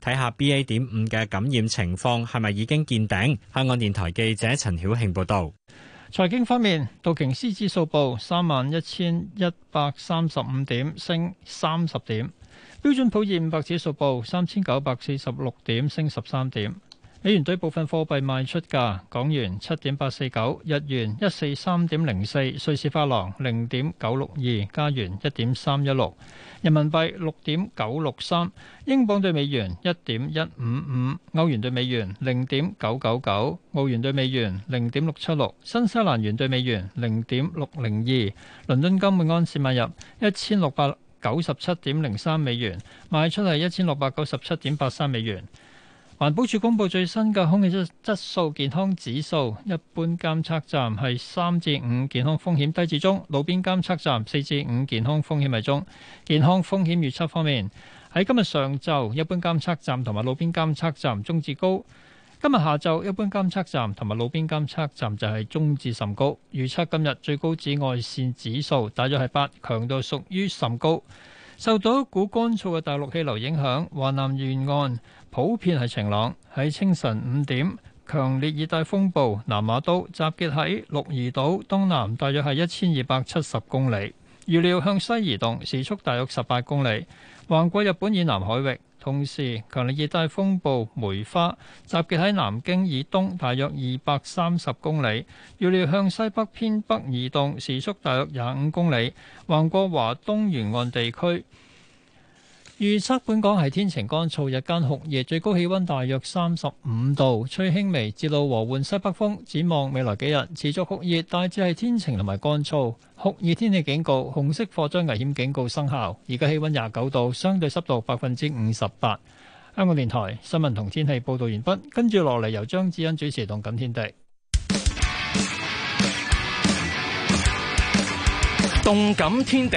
睇下 BA.5 嘅感染情況係咪已經見頂。香港電台記者陳曉慶報導。財經方面，道瓊斯指數報三萬一千一百三十五點，升三十點。標準普爾五百指數報三千九百四十六點，升十三點。美元兌部分貨幣賣出價：港元七點八四九，日元一四三點零四，瑞士法郎零點九六二，加元一點三一六，人民幣六點九六三，英鎊兌美元一點一五五，歐元兌美元零點九九九，澳元兌美元零點六七六，新西蘭元兌美元零點六零二。倫敦金每安士買入一千六百。九十七點零三美元，賣出係一千六百九十七點八三美元。環保署公布最新嘅空氣質質素健康指數，一般監測站係三至五，健康風險低至中，路邊監測站四至五，健康風險係中。健康風險預測方面，喺今日上晝，一般監測站同埋路邊監測站中至高。今日下晝，一般監測站同埋路邊監測站就係中至甚高。預測今日最高紫外線指數大約係八，強度屬於甚高。受到一股乾燥嘅大陸氣流影響，華南沿岸普遍係晴朗。喺清晨五點，強烈熱帶風暴南瑪都集結喺鹿兒島東南，大約係一千二百七十公里。預料向西移動，時速大約十八公里，橫過日本以南海域。同時，強烈熱帶風暴梅花集結喺南京以東大約二百三十公里，預料向西北偏北移動，時速大約廿五公里，橫過華東沿岸地區。預測本港係天晴乾燥，日間酷熱，最高氣溫大約三十五度，吹輕微至到和緩西北風。展望未來幾日持續酷熱，大致係天晴同埋乾燥。酷熱天氣警告，紅色火災危險警告生效。而家氣溫廿九度，相對濕度百分之五十八。香港電台新聞同天氣報道完畢，跟住落嚟由張子恩主持《動感天地》。《動感天地》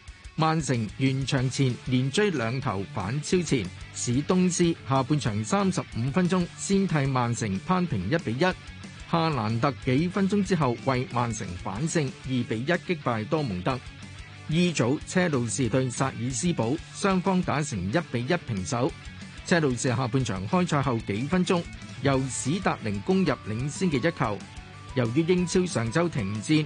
曼城完場前連追兩頭反超前，史東斯下半場三十五分鐘先替曼城攀平一比一，夏蘭特幾分鐘之後為曼城反勝二比一擊敗多蒙特。二組車路士對薩爾斯堡，雙方打成一比一平手。車路士下半場開賽後幾分鐘由史達寧攻入領先嘅一球，由於英超上周停戰。，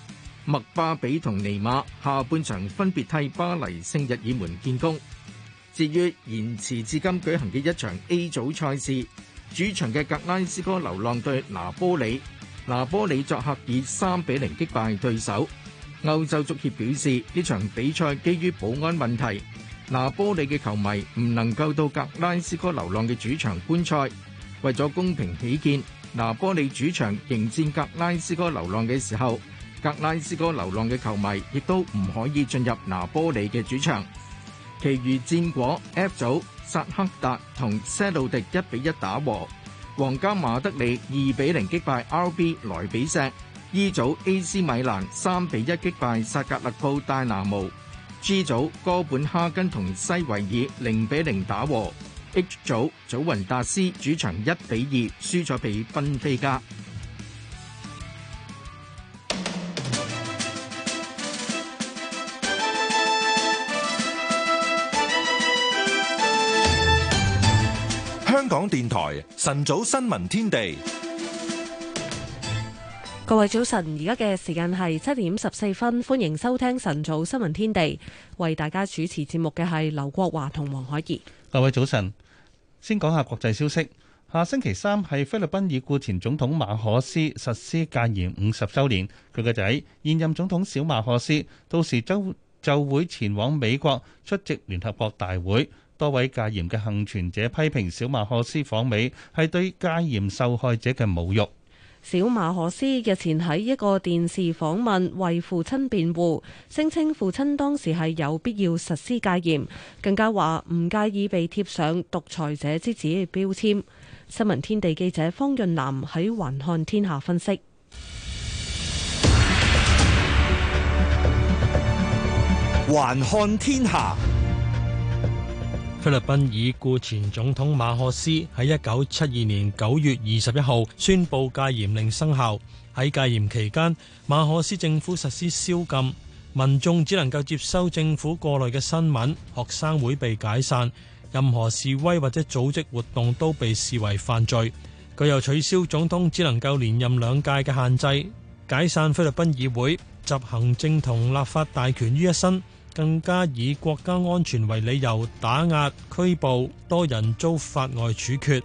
麥巴比同尼馬下半場分別替巴黎聖日耳門建功。至於延遲至今舉行嘅一場 A 組賽事，主場嘅格拉斯哥流浪隊拿波里，拿波里作客以三比零擊敗對手。歐洲足協表示，呢場比賽基於保安問題，拿波里嘅球迷唔能夠到格拉斯哥流浪嘅主場觀賽。為咗公平起見，拿波里主場迎戰格拉斯哥流浪嘅時候格拉斯哥流浪嘅球迷亦都唔可以進入拿波里嘅主場。其餘戰果：F 組薩克達同西路迪一比一打和；皇家馬德里二比零擊敗 RB 萊比錫；E 組 AC 米蘭三比一擊敗薩格勒布戴拿姆；G 組哥本哈根同西維爾零比零打和；H 組祖雲達斯主場一比二輸咗俾芬菲加。港電台晨早新聞天地，各位早晨，而家嘅時間係七點十四分，歡迎收聽晨早新聞天地。為大家主持節目嘅係劉國華同黃海怡。各位早晨，先講下國際消息。下星期三係菲律賓已故前總統馬可斯實施戒嚴五十周年，佢個仔現任總統小馬可斯到時就就會前往美國出席聯合國大會。多位戒嚴嘅倖存者批評小馬可斯訪美係對戒嚴受害者嘅侮辱。小馬可斯日前喺一個電視訪問為父親辯護，聲稱父親當時係有必要實施戒嚴，更加話唔介意被貼上獨裁者之子嘅標籤。新聞天地記者方潤南喺《環看天下》分析。環看天下。菲律賓已故前總統馬可斯喺一九七二年九月二十一號宣布戒嚴令生效。喺戒嚴期間，馬可斯政府實施宵禁，民眾只能夠接收政府過來嘅新聞，學生會被解散，任何示威或者組織活動都被視為犯罪。佢又取消總統只能夠連任兩屆嘅限制，解散菲律賓議會，集行政同立法大權於一身。更加以國家安全為理由，打壓拘捕，多人遭法外處決，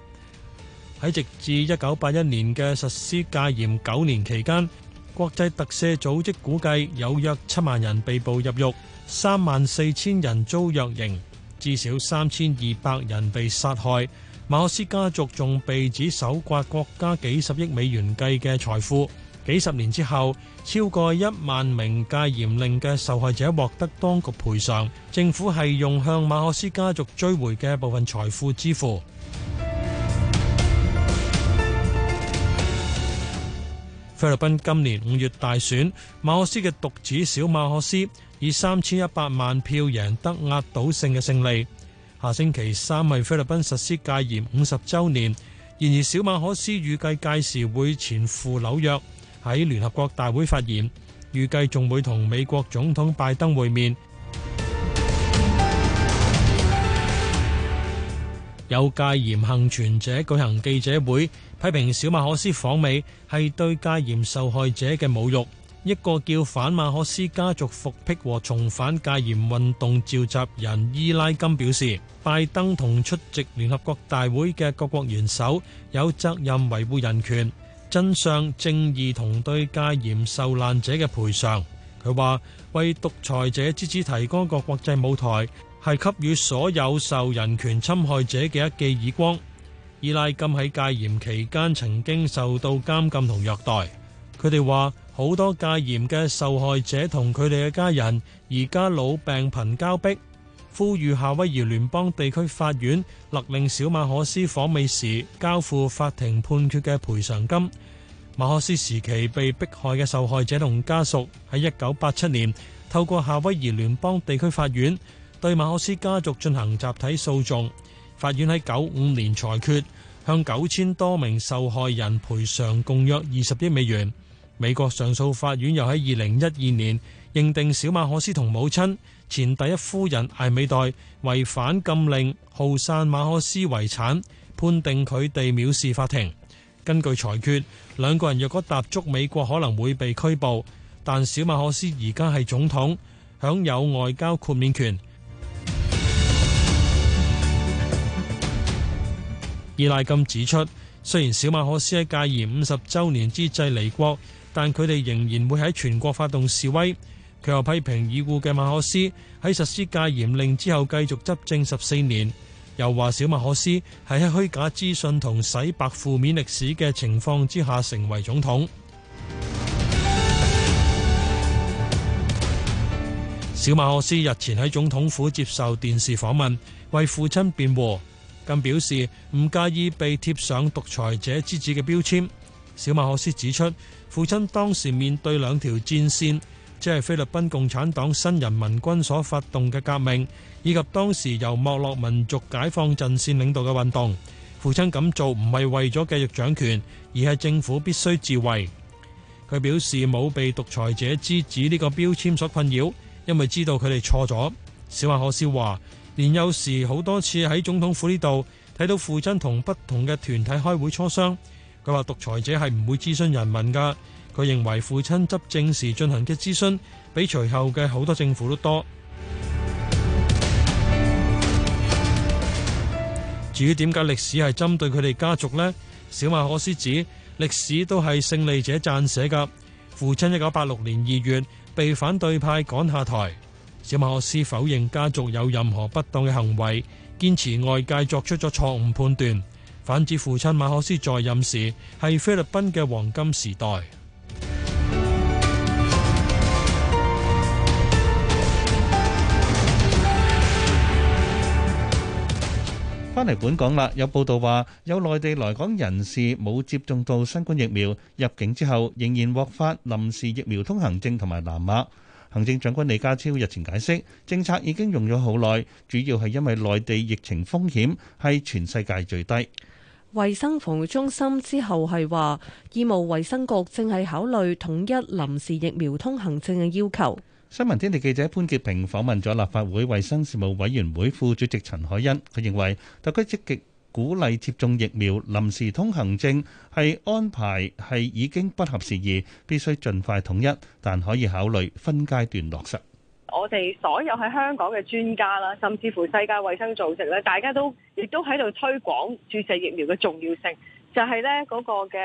喺直至一九八一年嘅實施戒嚴九年期間，國際特赦組織估計有約七萬人被捕入獄，三萬四千人遭虐刑，至少三千二百人被殺害。馬可斯家族仲被指搜刮國家幾十億美元計嘅財富。幾十年之後，超過一萬名戒嚴令嘅受害者獲得當局賠償。政府係用向馬可斯家族追回嘅部分財富支付。 (music) 菲律賓今年五月大選，馬可斯嘅獨子小馬可斯以三千一百萬票贏得壓倒性嘅勝利。下星期三係菲律賓實施戒嚴五十週年，然而小馬可斯預計屆時會前赴紐約。喺聯合國大會發言，預計仲會同美國總統拜登會面。有戒嚴幸存者舉行記者會，批評小馬可斯訪美係對戒嚴受害者嘅侮辱。一個叫反馬可斯家族復辟和重返戒嚴運動召集人伊拉金表示，拜登同出席聯合國大會嘅各國元首有責任維護人權。真相、正義同對戒嚴受難者嘅賠償。佢話：為獨裁者之子提供個國際舞台，係給予所有受人權侵害者嘅一記耳光。伊拉金喺戒嚴期間曾經受到監禁同虐待。佢哋話：好多戒嚴嘅受害者同佢哋嘅家人而家老病貧交迫。呼籲夏威夷聯邦地區法院勒令小馬可斯訪美時交付法庭判決嘅賠償金。馬可斯時期被迫害嘅受害者同家屬，喺一九八七年透過夏威夷聯邦地區法院對馬可斯家族進行集體訴訟，法院喺九五年裁決，向九千多名受害人賠償共約二十億美元。美國上訴法院又喺二零一二年認定小馬可斯同母親前第一夫人艾美黛違反禁令，耗散馬可斯遺產，判定佢哋藐視法庭。根據裁決，兩個人若果踏足美國可能會被拘捕，但小馬可斯而家係總統，享有外交豁免權。伊奈 (music) 金指出，雖然小馬可斯喺戒嚴五十週年之際離國，但佢哋仍然會喺全國發動示威。佢又批評已故嘅馬可斯喺實施戒嚴令之後繼續執政十四年。又話小馬可斯係喺虛假資訊同洗白負面歷史嘅情況之下成為總統。小馬可斯日前喺總統府接受電視訪問，為父親辯護，更表示唔介意被貼上獨裁者之子嘅標籤。小馬可斯指出，父親當時面對兩條戰線。即係菲律賓共產黨新人民軍所發動嘅革命，以及當時由莫洛民族解放陣線領導嘅運動。父親咁做唔係為咗繼續掌權，而係政府必須自衛。佢表示冇被獨裁者之子呢個標籤所困擾，因為知道佢哋錯咗。小馬可斯話：年幼時好多次喺總統府呢度睇到父親同不同嘅團體開會磋商。佢話獨裁者係唔會諮詢人民噶。佢認為父親執政時進行嘅諮詢，比隨後嘅好多政府都多。至於點解歷史係針對佢哋家族呢？小馬可斯指歷史都係勝利者撰寫㗎。父親一九八六年二月被反對派趕下台。小馬可斯否認家族有任何不當嘅行為，堅持外界作出咗錯誤判斷。反指父親馬可斯在任時係菲律賓嘅黃金時代。翻嚟本港啦，有報道話有內地來港人士冇接種到新冠疫苗，入境之後仍然獲發臨時疫苗通行證同埋藍碼。行政長官李家超日前解釋，政策已經用咗好耐，主要係因為內地疫情風險係全世界最低。衞生防護中心之後係話，醫務衞生局正係考慮統一臨時疫苗通行證嘅要求。新聞天地記者潘潔平訪問咗立法會衛生事務委員會副主席陳海欣，佢認為特區積極鼓勵接種疫苗，臨時通行證係安排係已經不合時宜，必須盡快統一，但可以考慮分階段落實。我哋所有喺香港嘅專家啦，甚至乎世界衛生組織咧，大家都亦都喺度推廣注射疫苗嘅重要性，就係呢嗰個嘅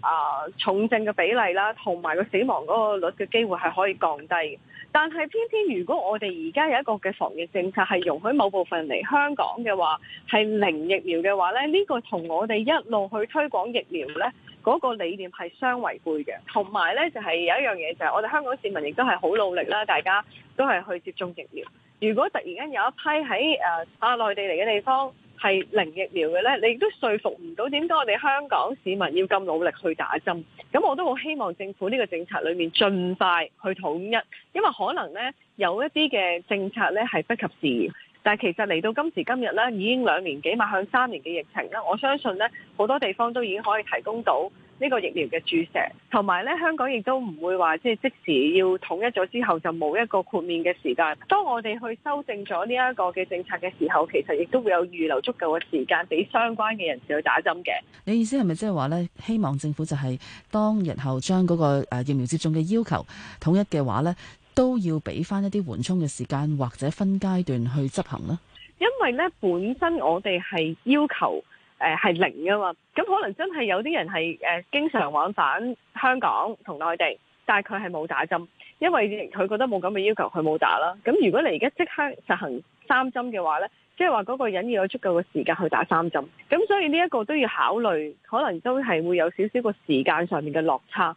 啊重症嘅比例啦，同埋個死亡嗰個率嘅機會係可以降低。但係偏偏如果我哋而家有一個嘅防疫政策係容許某部分嚟香港嘅話，係零疫苗嘅話咧，呢個同我哋一路去推廣疫苗咧嗰個理念係相違背嘅。同埋咧就係有一樣嘢就係我哋香港市民亦都係好努力啦，大家都係去接種疫苗。如果突然間有一批喺誒啊內地嚟嘅地方，係零疫苗嘅咧，你亦都說服唔到點解我哋香港市民要咁努力去打針？咁我都好希望政府呢個政策裡面盡快去統一，因為可能呢有一啲嘅政策呢係不及時，但係其實嚟到今時今日呢，已經兩年幾嘛向三年嘅疫情啦，我相信呢好多地方都已經可以提供到。呢個疫苗嘅注射，同埋咧香港亦都唔會話即係即時要統一咗之後就冇一個豁免嘅時間。當我哋去修正咗呢一個嘅政策嘅時候，其實亦都會有預留足夠嘅時間俾相關嘅人士去打針嘅。你意思係咪即係話咧，希望政府就係當日後將嗰個誒疫苗接種嘅要求統一嘅話咧，都要俾翻一啲緩衝嘅時間或者分階段去執行咧？因為咧本身我哋係要求。誒係、呃、零㗎嘛，咁可能真係有啲人係誒、呃、經常往返香港同內地，但係佢係冇打針，因為佢覺得冇咁嘅要求，佢冇打啦。咁如果你而家即刻實行三針嘅話呢，即係話嗰個人要有足夠嘅時間去打三針，咁所以呢一個都要考慮，可能都係會有少少個時間上面嘅落差。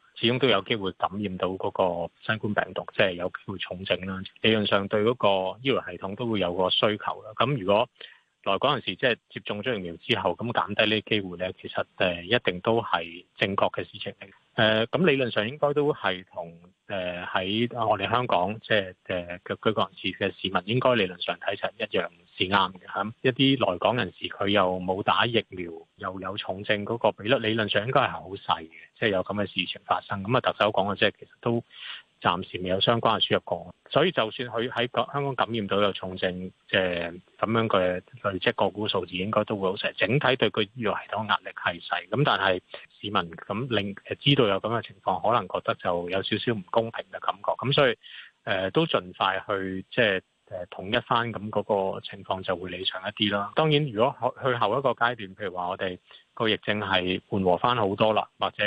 始終都有機會感染到嗰個新冠病毒，即係有機會重症啦。理論上對嗰個醫療系統都會有個需求啦。咁如果來港人士即係接種咗疫苗之後，咁減低呢啲機會呢，其實誒、呃、一定都係正確嘅事情。誒、呃，咁理論上應該都係同誒喺、呃、我哋香港即係誒嘅居港人士嘅市民，應該理論上睇齊一樣是啱嘅。吓、嗯，一啲來港人士佢又冇打疫苗，又有重症嗰，那個比率，理論上應該係好細嘅，即係有咁嘅事情發生。咁啊，特首講嘅即係其實都。暫時未有相關嘅輸入過，所以就算佢喺香港感染到有重症，即係咁樣嘅累積個股數字，應該都會好成。整體對個藥系統壓力係細，咁但係市民咁令知道有咁嘅情況，可能覺得就有少少唔公平嘅感覺。咁所以誒、呃、都盡快去即係誒統一翻，咁嗰個情況就會理想一啲啦。當然，如果去後一個階段，譬如話我哋個疫症係緩和翻好多啦，或者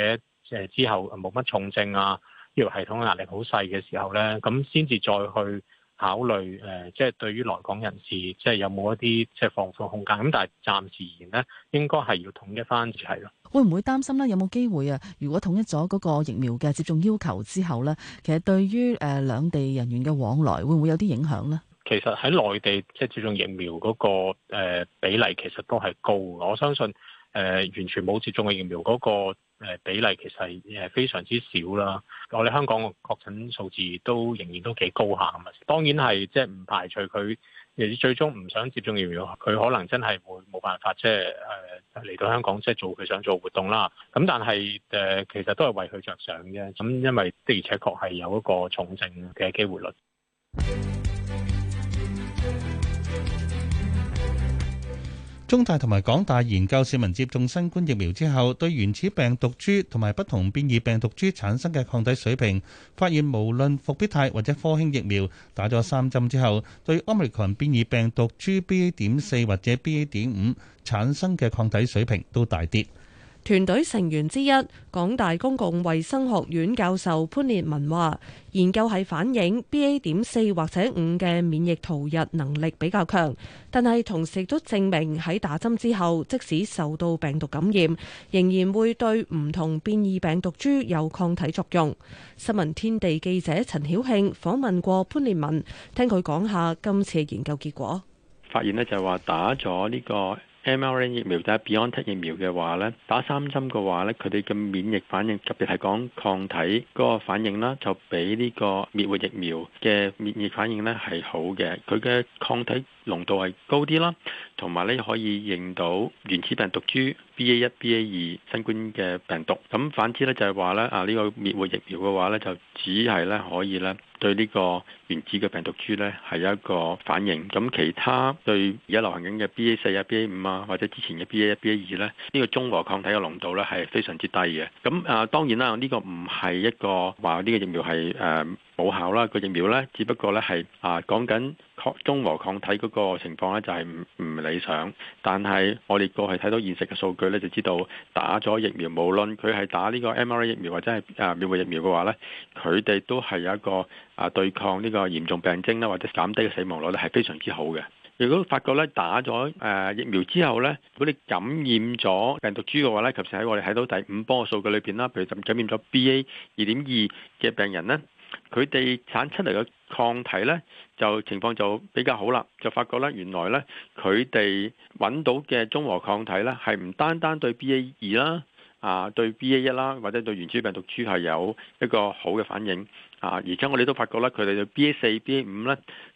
誒之後冇乜重症啊。醫療系統嘅壓力好細嘅時候咧，咁先至再去考慮誒、呃、即係對於來港人士，即係有冇一啲即係放寬空間，咁但係暫時而言咧，應該係要統一翻住係咯。會唔會擔心咧？有冇機會啊？如果統一咗嗰個疫苗嘅接種要求之後咧，其實對於誒、呃、兩地人員嘅往來會唔會有啲影響咧？其實喺內地，即係接種疫苗嗰，嗰個誒、呃、比例，其實都係高。我相信。誒，完全冇接種嘅疫苗嗰個誒，比例其實係，誒非常之少啦。我哋香港嘅確診數字都仍然都幾高下，當然係即係唔排除佢最終唔想接種疫苗，佢可能真係會冇辦法，即係誒，嚟到香港即係做佢想做活動啦。咁但係誒其實都係為佢着想啫。咁因為的而且確係有一個重症嘅機會率。中大同埋港大研究市民接種新冠疫苗之後，對原始病毒株同埋不同變異病毒株產生嘅抗體水平，發現，無論復必泰、或者科興疫苗打咗三針之後，對 Omicron 變異病毒株 BA. 點四或者 BA. 點五產生嘅抗體水平都大跌。團隊成員之一，港大公共衛生學院教授潘烈文話：研究係反映 BA 點四或者五嘅免疫逃逸能力比較強，但係同時都證明喺打針之後，即使受到病毒感染，仍然會對唔同變異病毒株有抗體作用。新聞天地記者陳曉慶訪問過潘烈文，聽佢講下今次研究結果。發現呢就係話打咗呢、呢個。mRNA 疫苗同埋、就係、BioNTech 疫苗嘅話咧，打三針嘅話咧，佢哋嘅免疫反應，特別係講抗體嗰個反應啦，就比呢個滅活疫苗嘅免疫反應咧係好嘅，佢嘅抗體濃度係高啲啦，同埋咧可以認到原始病毒株 B A 一、B A 二新冠嘅病毒。咁反之咧就係話咧啊，呢、這個滅活疫苗嘅話咧就只係咧可以咧對呢個原始嘅病毒株咧係有一個反應。咁其他對而家流行緊嘅 B A 四啊、B A 五啊或者之前嘅 B A 一、B A 二咧呢個中和抗體嘅濃度咧係非常之低嘅。咁啊當然啦，呢、這個唔係一個話呢個疫苗係誒。啊冇效啦，個疫苗咧，只不過咧係啊講緊抗中和抗體嗰個情況咧，就係唔唔理想。但係我哋過去睇到現實嘅數據咧，就知道打咗疫苗，無論佢係打呢個 mRNA 疫苗或者係啊滅活疫苗嘅話咧，佢哋都係有一個啊對抗呢個嚴重病徵啦，或者減低死亡率咧，係非常之好嘅。如果發覺咧打咗誒疫苗之後咧，如果你感染咗病毒株嘅話咧，尤其是喺我哋睇到第五波數據裏邊啦，譬如就感染咗 BA 二點二嘅病人咧。佢哋產出嚟嘅抗體呢，就情況就比較好啦，就發覺呢，原來呢，佢哋揾到嘅中和抗體呢，係唔單單對 B A 二啦，啊，對 BA 1，啊對 B A 一啦，或者對原始病毒株係有一個好嘅反應啊，而且我哋都發覺呢，佢哋對 B A 四、B A 五呢。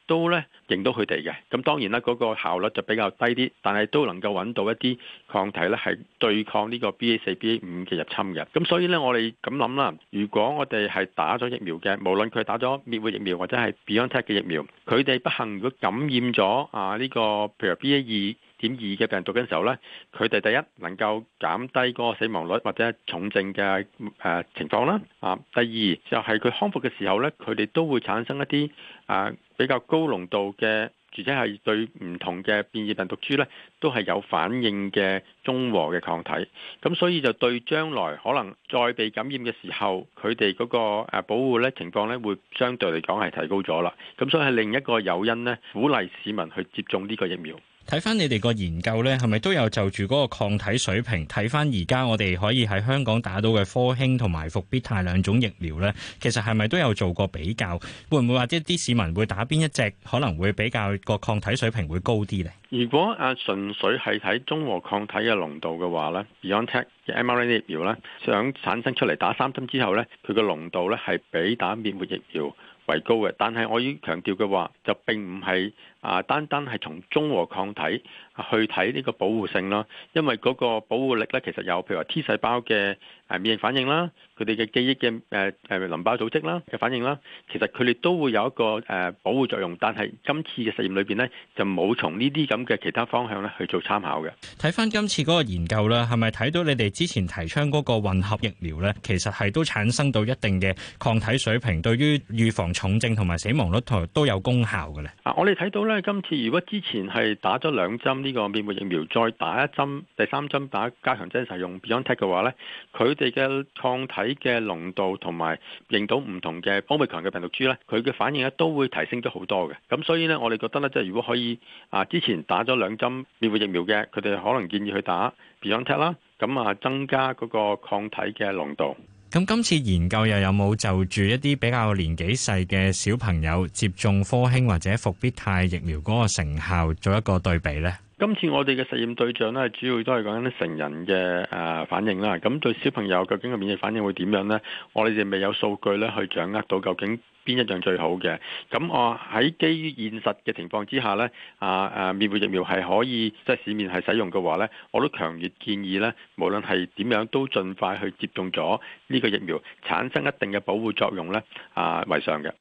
都咧認到佢哋嘅，咁當然啦，嗰個效率就比較低啲，但係都能夠揾到一啲抗體咧，係對抗呢個 B A 四、B A 五嘅入侵嘅。咁所以咧，我哋咁諗啦，如果我哋係打咗疫苗嘅，無論佢打咗滅活疫苗或者係 BioNTech 嘅疫苗，佢哋不幸如果感染咗啊呢個譬如 B A 二點二嘅病毒嘅時候咧，佢哋第一能夠減低嗰個死亡率或者重症嘅誒情況啦。啊，第二就係佢康復嘅時候咧，佢哋都會產生一啲啊比較高濃度嘅，而且係對唔同嘅變異病毒株咧都係有反應嘅中和嘅抗體。咁所以就對將來可能再被感染嘅時候，佢哋嗰個誒保護咧情況咧會相對嚟講係提高咗啦。咁所以係另一個誘因咧，鼓勵市民去接種呢個疫苗。睇翻你哋個研究咧，係咪都有就住嗰個抗體水平睇翻而家我哋可以喺香港打到嘅科興同埋復必泰兩種疫苗咧，其實係咪都有做過比較？會唔會話即啲市民會打邊一隻可能會比較個抗體水平會高啲咧？如果啊純粹係睇中和抗體嘅濃度嘅話咧，Biontech 嘅 mRNA 疫苗咧，想產生出嚟打三針之後咧，佢嘅濃度咧係比打滅活疫苗為高嘅。但係我已經強調嘅話，就並唔係。啊，單單係從中和抗體去睇呢個保護性咯，因為嗰個保護力咧，其實有譬如話 T 細胞嘅誒免疫反應啦，佢哋嘅記憶嘅誒誒淋巴組織啦嘅反應啦，其實佢哋都會有一個誒保護作用，但係今次嘅實驗裏邊咧，就冇從呢啲咁嘅其他方向咧去做參考嘅。睇翻今次嗰個研究啦，係咪睇到你哋之前提倡嗰個混合疫苗咧，其實係都產生到一定嘅抗體水平，對於預防重症同埋死亡率都有功效嘅咧？啊，我哋睇到。因為今次如果之前係打咗兩針呢個滅活疫苗，再打一針第三針打加強劑使用 Biontech 嘅話呢，佢哋嘅抗體嘅濃度同埋認到唔同嘅 Omicron 嘅病毒株呢，佢嘅反應咧都會提升咗好多嘅。咁所以呢，我哋覺得呢，即係如果可以啊，之前打咗兩針滅活疫苗嘅，佢哋可能建議去打 Biontech 啦、啊，咁啊增加嗰個抗體嘅濃度。咁今次研究又有冇就住一啲比較年紀細嘅小朋友接種科興或者復必泰疫苗嗰個成效做一個對比咧？今次我哋嘅實驗對象咧，主要都係講緊啲成人嘅誒反應啦。咁對小朋友究竟個免疫反應會點樣咧？我哋就未有數據咧去掌握到究竟。邊一樣最好嘅？咁我喺基於現實嘅情況之下咧，啊啊，滅活疫苗係可以即係市面係使用嘅話咧，我都強烈建議咧，無論係點樣都盡快去接種咗呢個疫苗，產生一定嘅保護作用咧，啊為上嘅。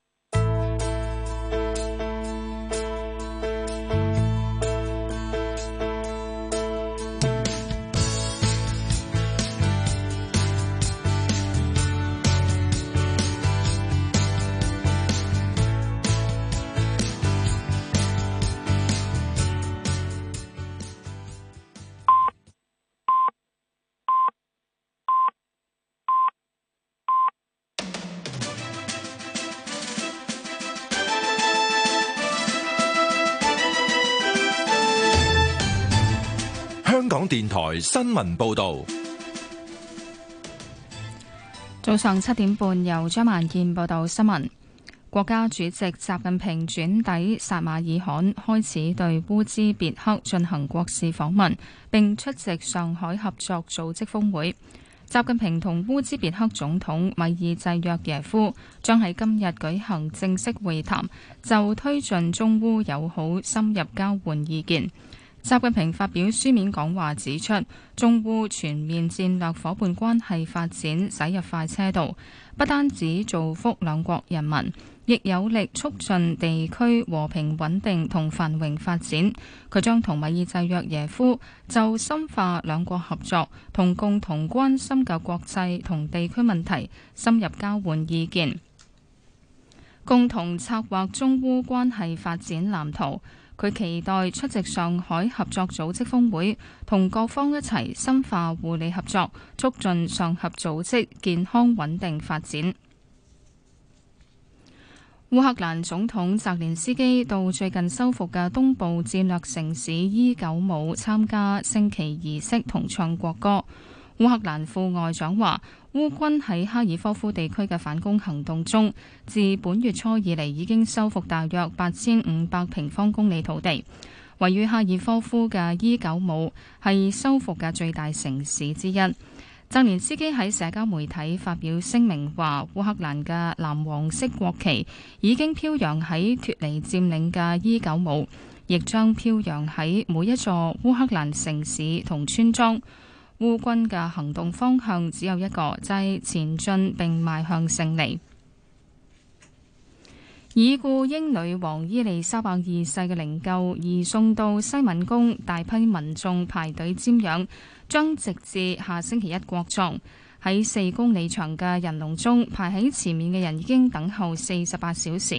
台新聞報道，早上七點半由張萬健報道新聞。國家主席習近平轉抵薩馬爾罕，開始對烏茲別克進行國事訪問，並出席上海合作組織峰會。習近平同烏茲別克總統米爾濟約耶夫將喺今日舉行正式會談，就推進中烏友好深入交換意見。習近平發表書面講話，指出中烏全面戰略夥伴關係發展駛入快車道，不單止造福兩國人民，亦有力促進地區和平穩定同繁榮發展。佢將同米爾濟約耶夫就深化兩國合作同共同關心嘅國際同地區問題深入交換意見，共同策劃中烏關係發展藍圖。佢期待出席上海合作組織峰會，同各方一齊深化互利合作，促進上合組織健康穩定發展。烏克蘭總統澤連斯基到最近收復嘅東部戰略城市伊久姆參加升旗儀式同唱國歌。烏克蘭副外長話：烏軍喺哈爾科夫地區嘅反攻行動中，自本月初以嚟已經收復大約八千五百平方公里土地。位於哈爾科夫嘅伊久姆係收復嘅最大城市之一。澤連斯基喺社交媒體發表聲明話：烏克蘭嘅藍黃色國旗已經飄揚喺脫離佔領嘅伊久姆，亦將飄揚喺每一座烏克蘭城市同村莊。烏軍嘅行動方向只有一個，就係前進並邁向勝利。已故英女王伊麗莎白二世嘅靈柩移送到西敏宮，大批民眾排隊瞻仰，將直至下星期一國葬。喺四公里長嘅人龍中，排喺前面嘅人已經等候四十八小時，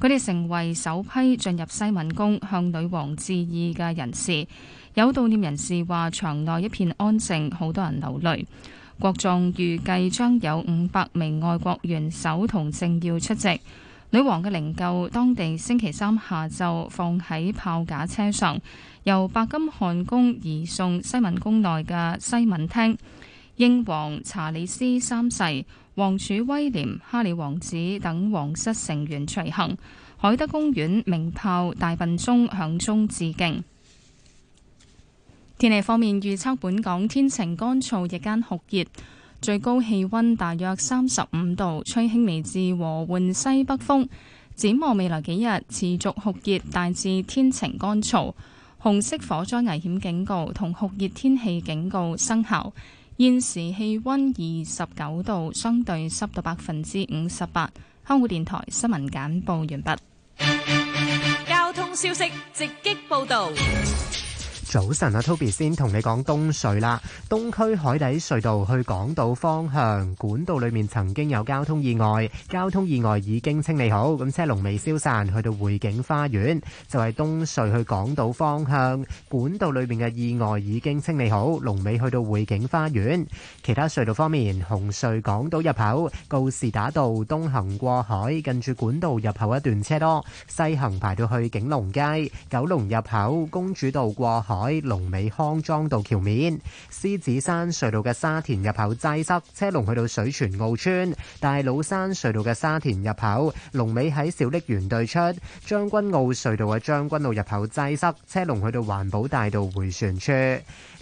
佢哋成為首批進入西敏宮向女王致意嘅人士。有悼念人士話：場內一片安靜，好多人流淚。國葬預計將有五百名外國元首同政要出席。女王嘅靈柩當地星期三下晝放喺炮架車上，由白金漢宮移送西敏宮內嘅西敏廳。英皇查理斯三世、王儲威廉、哈里王子等皇室成員隨行。海德公園鳴炮，大笨鐘響鐘致敬。天氣方面，預測本港天晴乾燥，日間酷熱，最高氣溫大約三十五度，吹輕微至和緩西北風。展望未來幾日持續酷熱，大致天晴乾燥。紅色火災危險警告同酷熱天氣警告生效。現時氣溫二十九度，相對濕度百分之五十八。香港電台新聞簡報完畢。交通消息直擊報道。早晨啊，Toby 先同你講東隧啦。東區海底隧道去港島方向管道裏面曾經有交通意外，交通意外已經清理好，咁車龍未消散。去到匯景花園就係東隧去港島方向管道裏面嘅意外已經清理好，龍尾去到匯景花園。其他隧道方面，紅隧港島入口告士打道東行過海，跟住管道入口一段車多，西行排到去景隆街、九龍入口公主道過海。喺龍尾康莊道橋面，獅子山隧道嘅沙田入口擠塞，車龍去到水泉澳村；大老山隧道嘅沙田入口，龍尾喺小瀝源對出；將軍澳隧道嘅將軍澳入口擠塞，車龍去到環保大道回旋處。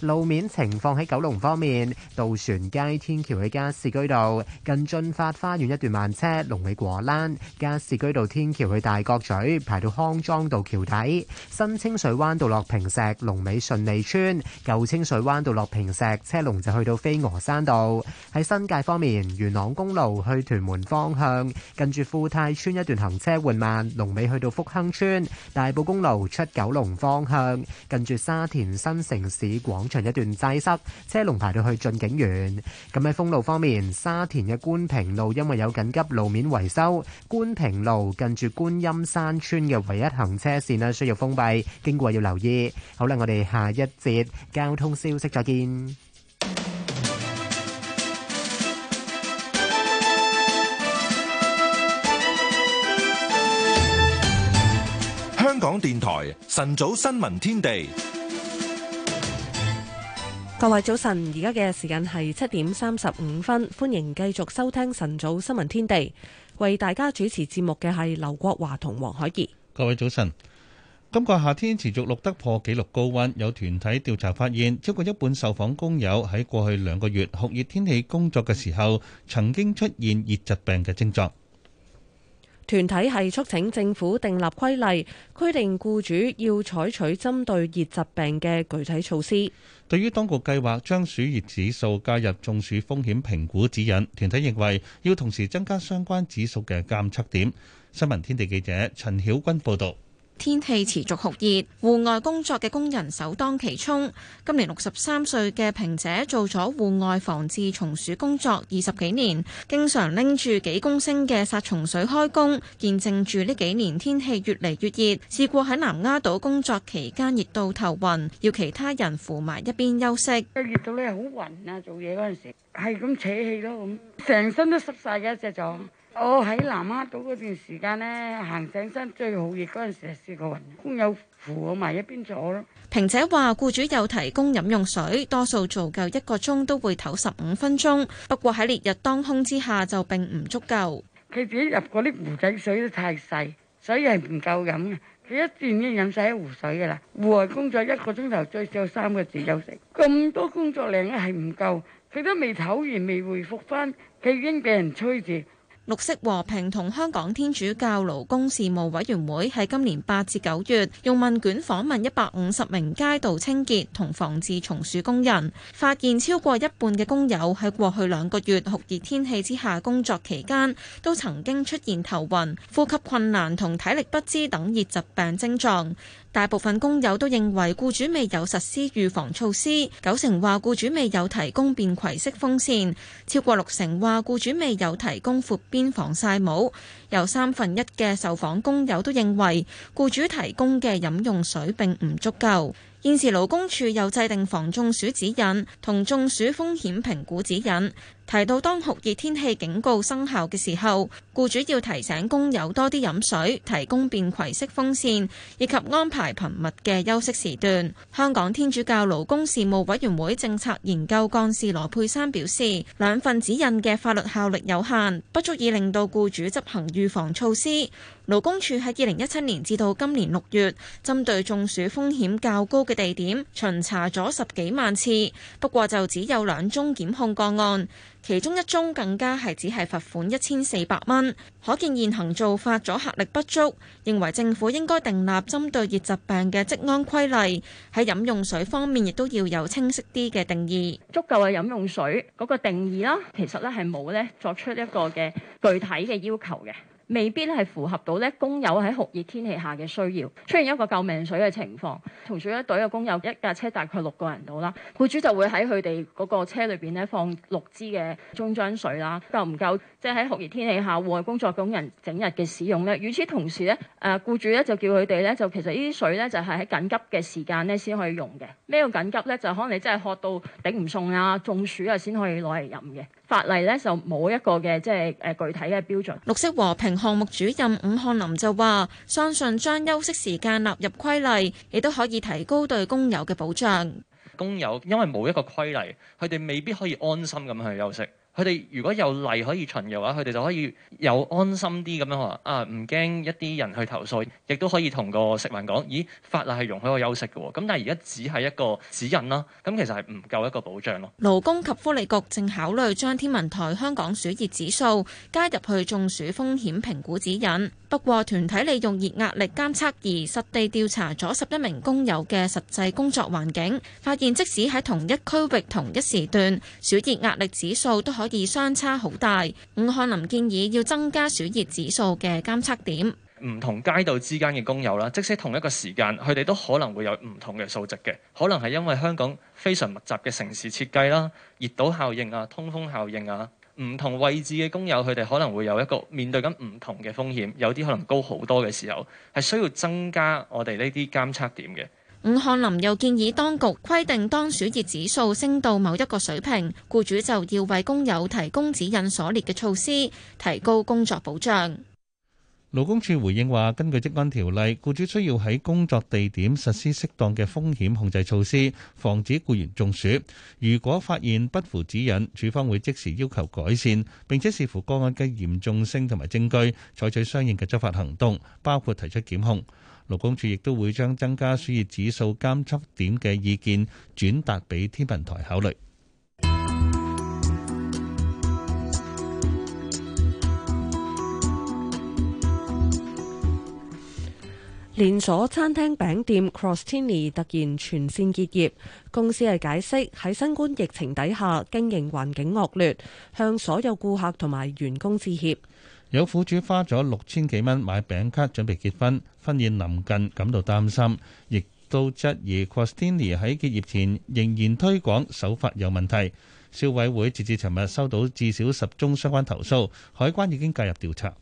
路面情況喺九龍方面，渡船街天橋去加士居道近駿發花園一段慢車，龍尾果欄；加士居道天橋去大角咀排到康莊道橋底。新清水灣道落坪石龍尾順利村，舊清水灣道落坪石車龍就去到飛鵝山道。喺新界方面，元朗公路去屯門方向，近住富泰村一段行車緩慢，龍尾去到福亨村。大埔公路出九龍方向，近住沙田新城市廣長一段擠塞，車龍排到去駿景園。咁喺封路方面，沙田嘅觀平路因為有緊急路面維修，觀平路近住觀音山村嘅唯一行車綫呢需要封閉，經過要留意。好啦，我哋下一節交通消息再見。香港電台晨早新聞天地。各位早晨，而家嘅時間係七點三十五分，歡迎繼續收聽晨早新聞天地。為大家主持節目嘅係劉國華同黃海怡。各位早晨，今個夏天持續錄得破紀錄高温，有團體調查發現，超過一半受訪工友喺過去兩個月酷熱天氣工作嘅時候，曾經出現熱疾病嘅症狀。團體係促請政府訂立規例，規定僱主要採取針對熱疾病嘅具體措施。對於當局計劃將暑熱指數加入中暑風險評估指引，團體認為要同時增加相關指數嘅監測點。新聞天地記者陳曉君報道。天氣持續酷熱，戶外工作嘅工人首當其衝。今年六十三歲嘅平姐做咗戶外防治蟲鼠工作二十幾年，經常拎住幾公升嘅殺蟲水開工，見證住呢幾年天氣越嚟越熱。試過喺南丫島工作期間熱到頭暈，要其他人扶埋一邊休息。熱到咧好暈啊！做嘢嗰陣時係咁扯氣咯，咁成身都濕晒嘅一隻狀。我喺南丫島嗰段時間咧，行井山最酷熱嗰陣時，試過暈，工友扶我埋一邊坐咯。平姐話，僱主有提供飲用水，多數做夠一個鐘都會唞十五分鐘，不過喺烈日當空之下就並唔足夠。佢自己入嗰啲壺仔水都太細，所以係唔夠飲嘅。佢一轉已經飲晒一壺水㗎啦。戶外工作一個鐘頭最少三個字休息，咁多工作量係唔夠。佢都未唞完，未回復翻，佢已經俾人催住。綠色和平同香港天主教勞工事務委員會喺今年八至九月用問卷訪問一百五十名街道清潔同防治蟲鼠工人，發現超過一半嘅工友喺過去兩個月酷熱天氣之下工作期間，都曾經出現頭暈、呼吸困難同體力不支等熱疾病徵狀。大部分工友都認為僱主未有實施預防措施，九成話僱主未有提供便攜式風扇，超過六成話僱主未有提供闊邊防曬帽，有三分一嘅受訪工友都認為僱主提供嘅飲用水並唔足夠。現時勞工處有制定防中暑指引同中暑風險評估指引。提到當酷熱天氣警告生效嘅時候，僱主要提醒工友多啲飲水，提供便攜式風扇，以及安排頻密嘅休息時段。香港天主教勞工事務委員會政策研究幹事羅佩山表示，兩份指引嘅法律效力有限，不足以令到僱主執行預防措施。勞工處喺二零一七年至到今年六月，針對中暑風險較高嘅地點巡查咗十幾萬次，不過就只有兩宗檢控個案。其中一宗更加係只係罰款一千四百蚊，可見現行做法阻嚇力不足，認為政府應該訂立針對熱疾病嘅職安規例，喺飲用水方面亦都要有清晰啲嘅定義。足夠嘅飲用水嗰、那個定義啦，其實咧係冇咧作出一個嘅具體嘅要求嘅。未必咧係符合到咧工友喺酷熱天氣下嘅需要，出現一個救命水嘅情況。同水一隊嘅工友一架車大概六個人到啦，雇主就會喺佢哋嗰個車裏邊咧放六支嘅中將水啦，夠唔夠即係喺酷熱天氣下戶外工作工人整日嘅使用咧？與此同時咧，誒僱主咧就叫佢哋咧，就其實呢啲水咧就係喺緊急嘅時間咧先可以用嘅。咩叫緊急咧？就可能你真係渴到頂唔順啊，中暑啊先可以攞嚟飲嘅。法例咧就冇一個嘅即係誒具體嘅標準。綠色和平項目主任伍漢林就話，相信將休息時間納入規例，亦都可以提高對工友嘅保障。工友因為冇一個規例，佢哋未必可以安心咁去休息。佢哋如果有例可以循嘅話，佢哋就可以有安心啲咁樣話啊，唔驚一啲人去投訴，亦都可以同個食環講，咦，法例係容許我休息嘅喎。咁但係而家只係一個指引啦，咁其實係唔夠一個保障咯。勞工及福利局正考慮將天文台香港暑熱指數加入去中暑風險評估指引。不過團體利用熱壓力監測儀實地調查咗十一名工友嘅實際工作環境，發現即使喺同一區域同一時段，暑熱壓力指數都可。所以相差好大。伍漢林建議要增加暑熱指數嘅監測點。唔同街道之間嘅工友啦，即使同一個時間，佢哋都可能會有唔同嘅數值嘅。可能係因為香港非常密集嘅城市設計啦，熱島效應啊，通風效應啊，唔同位置嘅工友，佢哋可能會有一個面對緊唔同嘅風險。有啲可能高好多嘅時候，係需要增加我哋呢啲監測點嘅。伍漢林又建議當局規定當暑熱指數升到某一個水平，雇主就要為工友提供指引所列嘅措施，提高工作保障。勞工處回應話，根據《職安條例》，僱主需要喺工作地點實施適當嘅風險控制措施，防止僱員中暑。如果發現不符指引，處方會即時要求改善，並且視乎個案嘅嚴重性同埋證據，採取相應嘅執法行動，包括提出檢控。勞工處亦都會將增加暑熱指數監測點嘅意見轉達俾天文台考慮。連鎖餐廳餅店 Crostini 突然全線結業，公司係解釋喺新冠疫情底下經營環境惡劣，向所有顧客同埋員工致歉。有苦主花咗六千幾蚊買餅卡準備結婚，婚宴臨近感到擔心，亦都質疑 Crostini 喺結業前仍然推廣手法有問題。消委會截至尋日收到至少十宗相關投訴，海關已經介入調查。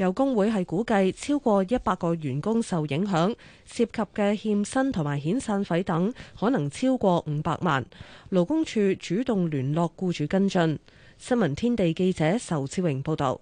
有工會係估計超過一百個員工受影響，涉及嘅欠薪同埋遣散費等可能超過五百萬。勞工處主動聯絡僱主跟進。新聞天地記者仇志榮報道。，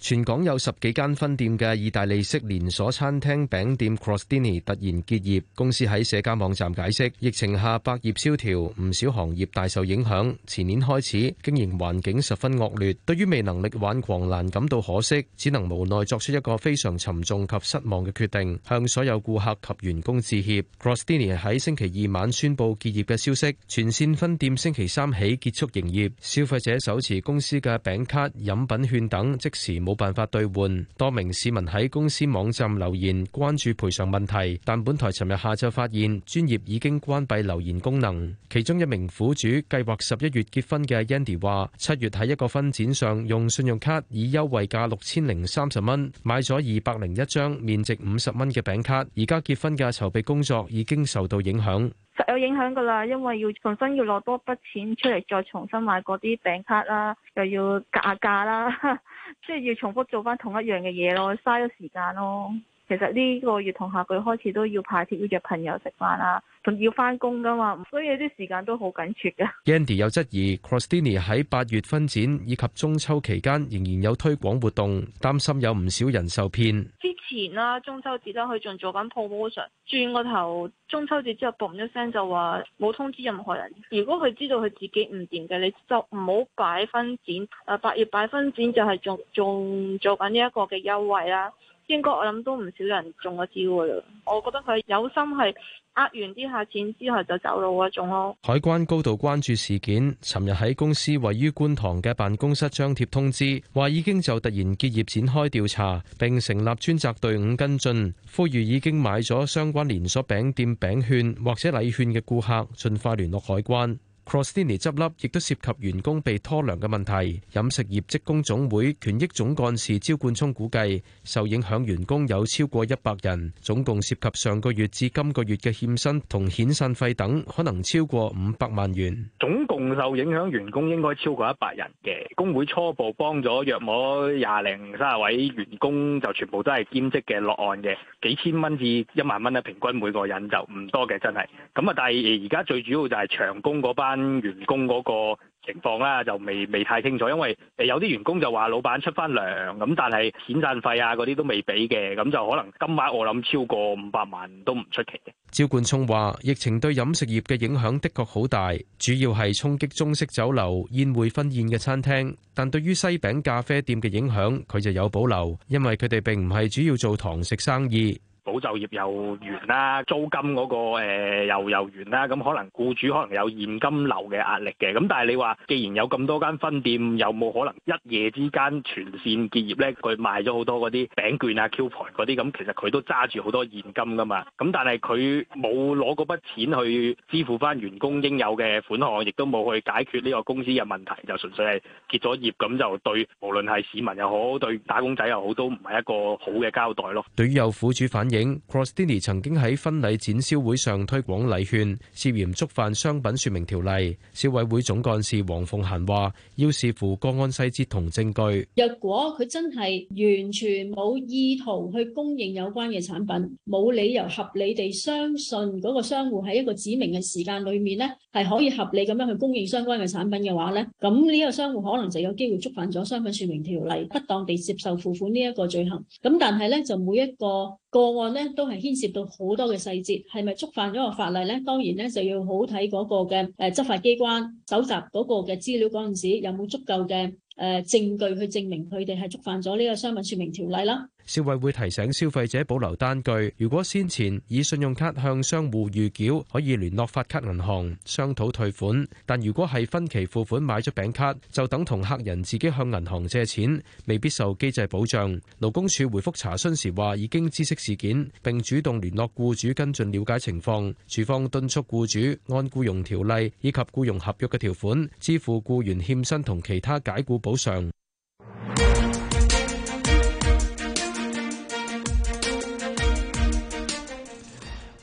全港有十幾間分店嘅意大利式連鎖餐廳餅店 Crostini 突然結業。公司喺社交網站解釋，疫情下百業蕭條，唔少行業大受影響。前年開始，經營環境十分惡劣，對於未能力挽狂瀾感到可惜，只能無奈作出一個非常沉重及失望嘅決定，向所有顧客及員工致歉。Crostini 喺星期二晚宣布結業嘅消息，全線分店星期三起結束營業，消費者手持公司嘅餅卡、飲品券等，即時。冇辦法兌換，多名市民喺公司網站留言關注賠償問題，但本台尋日下晝發現專業已經關閉留言功能。其中一名苦主計劃十一月結婚嘅 Andy 話七月喺一個分展，上用信用卡以優惠價六千零三十蚊買咗二百零一張面值五十蚊嘅餅卡，而家結婚嘅籌備工作已經受到影響，實有影響㗎啦，因為要重新要攞多筆錢出嚟，再重新買嗰啲餅卡啦，又要格下價啦。 (laughs) 即係要重複做翻同一樣嘅嘢咯，嘥咗時間咯。其實呢個月同下個月開始都要派帖約朋友食飯啊，仲要翻工噶嘛，所以啲時間都好緊缺㗎。Andy 有質疑，Crosdini 喺八月分展以及中秋期間仍然有推廣活動，擔心有唔少人受騙。之前啦，中秋節都可仲做緊 promotion，轉個頭中秋節之後，嘣一聲就話冇通知任何人。如果佢知道佢自己唔掂嘅，你就唔好擺分展。誒，八月擺分展就係仲仲做緊呢一個嘅優惠啦。應該我諗都唔少人中咗招嘅，我覺得佢有心係呃完啲下錢之後就走佬嗰種咯。海關高度關注事件，尋日喺公司位於觀塘嘅辦公室張貼通知，話已經就突然結業展開調查，並成立專責隊伍跟進，呼籲已經買咗相關連鎖餅店餅券券或者禮券嘅顧客盡快聯絡海關。CrossDini 執笠亦都涉及員工被拖糧嘅問題。飲食業職工總會權益總幹事招冠聰估計，受影響員工有超過一百人，總共涉及上個月至今個月嘅欠薪同遣散費等，可能超過五百萬元。總共受影響員工應該超過一百人嘅，工會初步幫咗約摸廿零卅位員工就全部都係兼職嘅落案嘅，幾千蚊至一萬蚊咧，平均每個人就唔多嘅，真係。咁啊，但係而家最主要就係長工嗰班。跟員工嗰個情況啦，就未未太清楚，因為誒有啲員工就話老闆出翻糧咁，但係遣散費啊嗰啲都未俾嘅，咁就可能今晚我諗超過五百萬都唔出奇嘅。招冠聰話：疫情對飲食業嘅影響的確好大，主要係衝擊中式酒樓、宴會婚宴嘅餐廳，但對於西餅咖啡店嘅影響，佢就有保留，因為佢哋並唔係主要做堂食生意。保就業又完啦，租金嗰個誒又又完啦，咁可能僱主可能有現金流嘅壓力嘅，咁但係你話既然有咁多間分店，有冇可能一夜之間全綫結業咧？佢賣咗好多嗰啲餅券啊、coupon 嗰啲，咁其實，佢都揸住好多現金噶嘛，咁但係，佢冇攞嗰筆錢去支付翻員工應有嘅款項，亦都冇去解決呢個公司嘅問題，就純粹係結咗業，咁就對無論係市民又好，對打工仔又好，都唔係一個好嘅交代咯。對於有苦主反映。CrossDini 曾經喺婚禮展銷會上推廣禮券，涉嫌觸犯商品説明條例。消委會總幹事黃鳳嫺話：要視乎個案細節同證據。若果佢真係完全冇意圖去供應有關嘅產品，冇理由合理地相信嗰個商戶喺一個指明嘅時間裏面咧，係可以合理咁樣去供應相關嘅產品嘅話咧，咁呢一個商戶可能就有機會觸犯咗商品説明條例，不當地接受付款呢一個罪行。咁但係咧，就每一個個案。咧都係牽涉到好多嘅細節，係咪觸犯咗個法例咧？當然咧就要好睇嗰個嘅誒執法機關搜集嗰個嘅資料嗰陣時，有冇足夠嘅誒證據去證明佢哋係觸犯咗呢個商品説明條例啦。消委會提醒消費者保留單據，如果先前以信用卡向商戶預繳，可以聯絡發卡銀行商討退款；但如果係分期付款買咗餅卡，就等同客人自己向銀行借錢，未必受機制保障。勞工處回覆查詢時話，已經知悉事件，並主動聯絡雇主跟進了解情況，處方敦促雇,雇主按僱傭條例以及僱傭合約嘅條款支付僱員欠薪同其他解雇補償。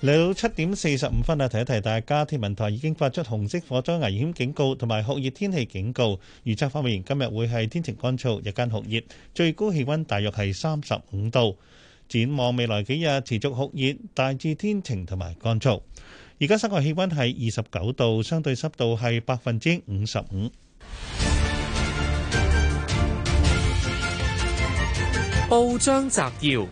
嚟到七點四十五分啊，提一提大家，天文台已經發出紅色火災危險警告同埋酷熱天氣警告。預測方面，今日會係天晴乾燥，日間酷熱，最高氣温大約係三十五度。展望未來幾日持續酷熱，大致天晴同埋乾燥。而家室外氣温係二十九度，相對濕度係百分之五十五。報章摘要。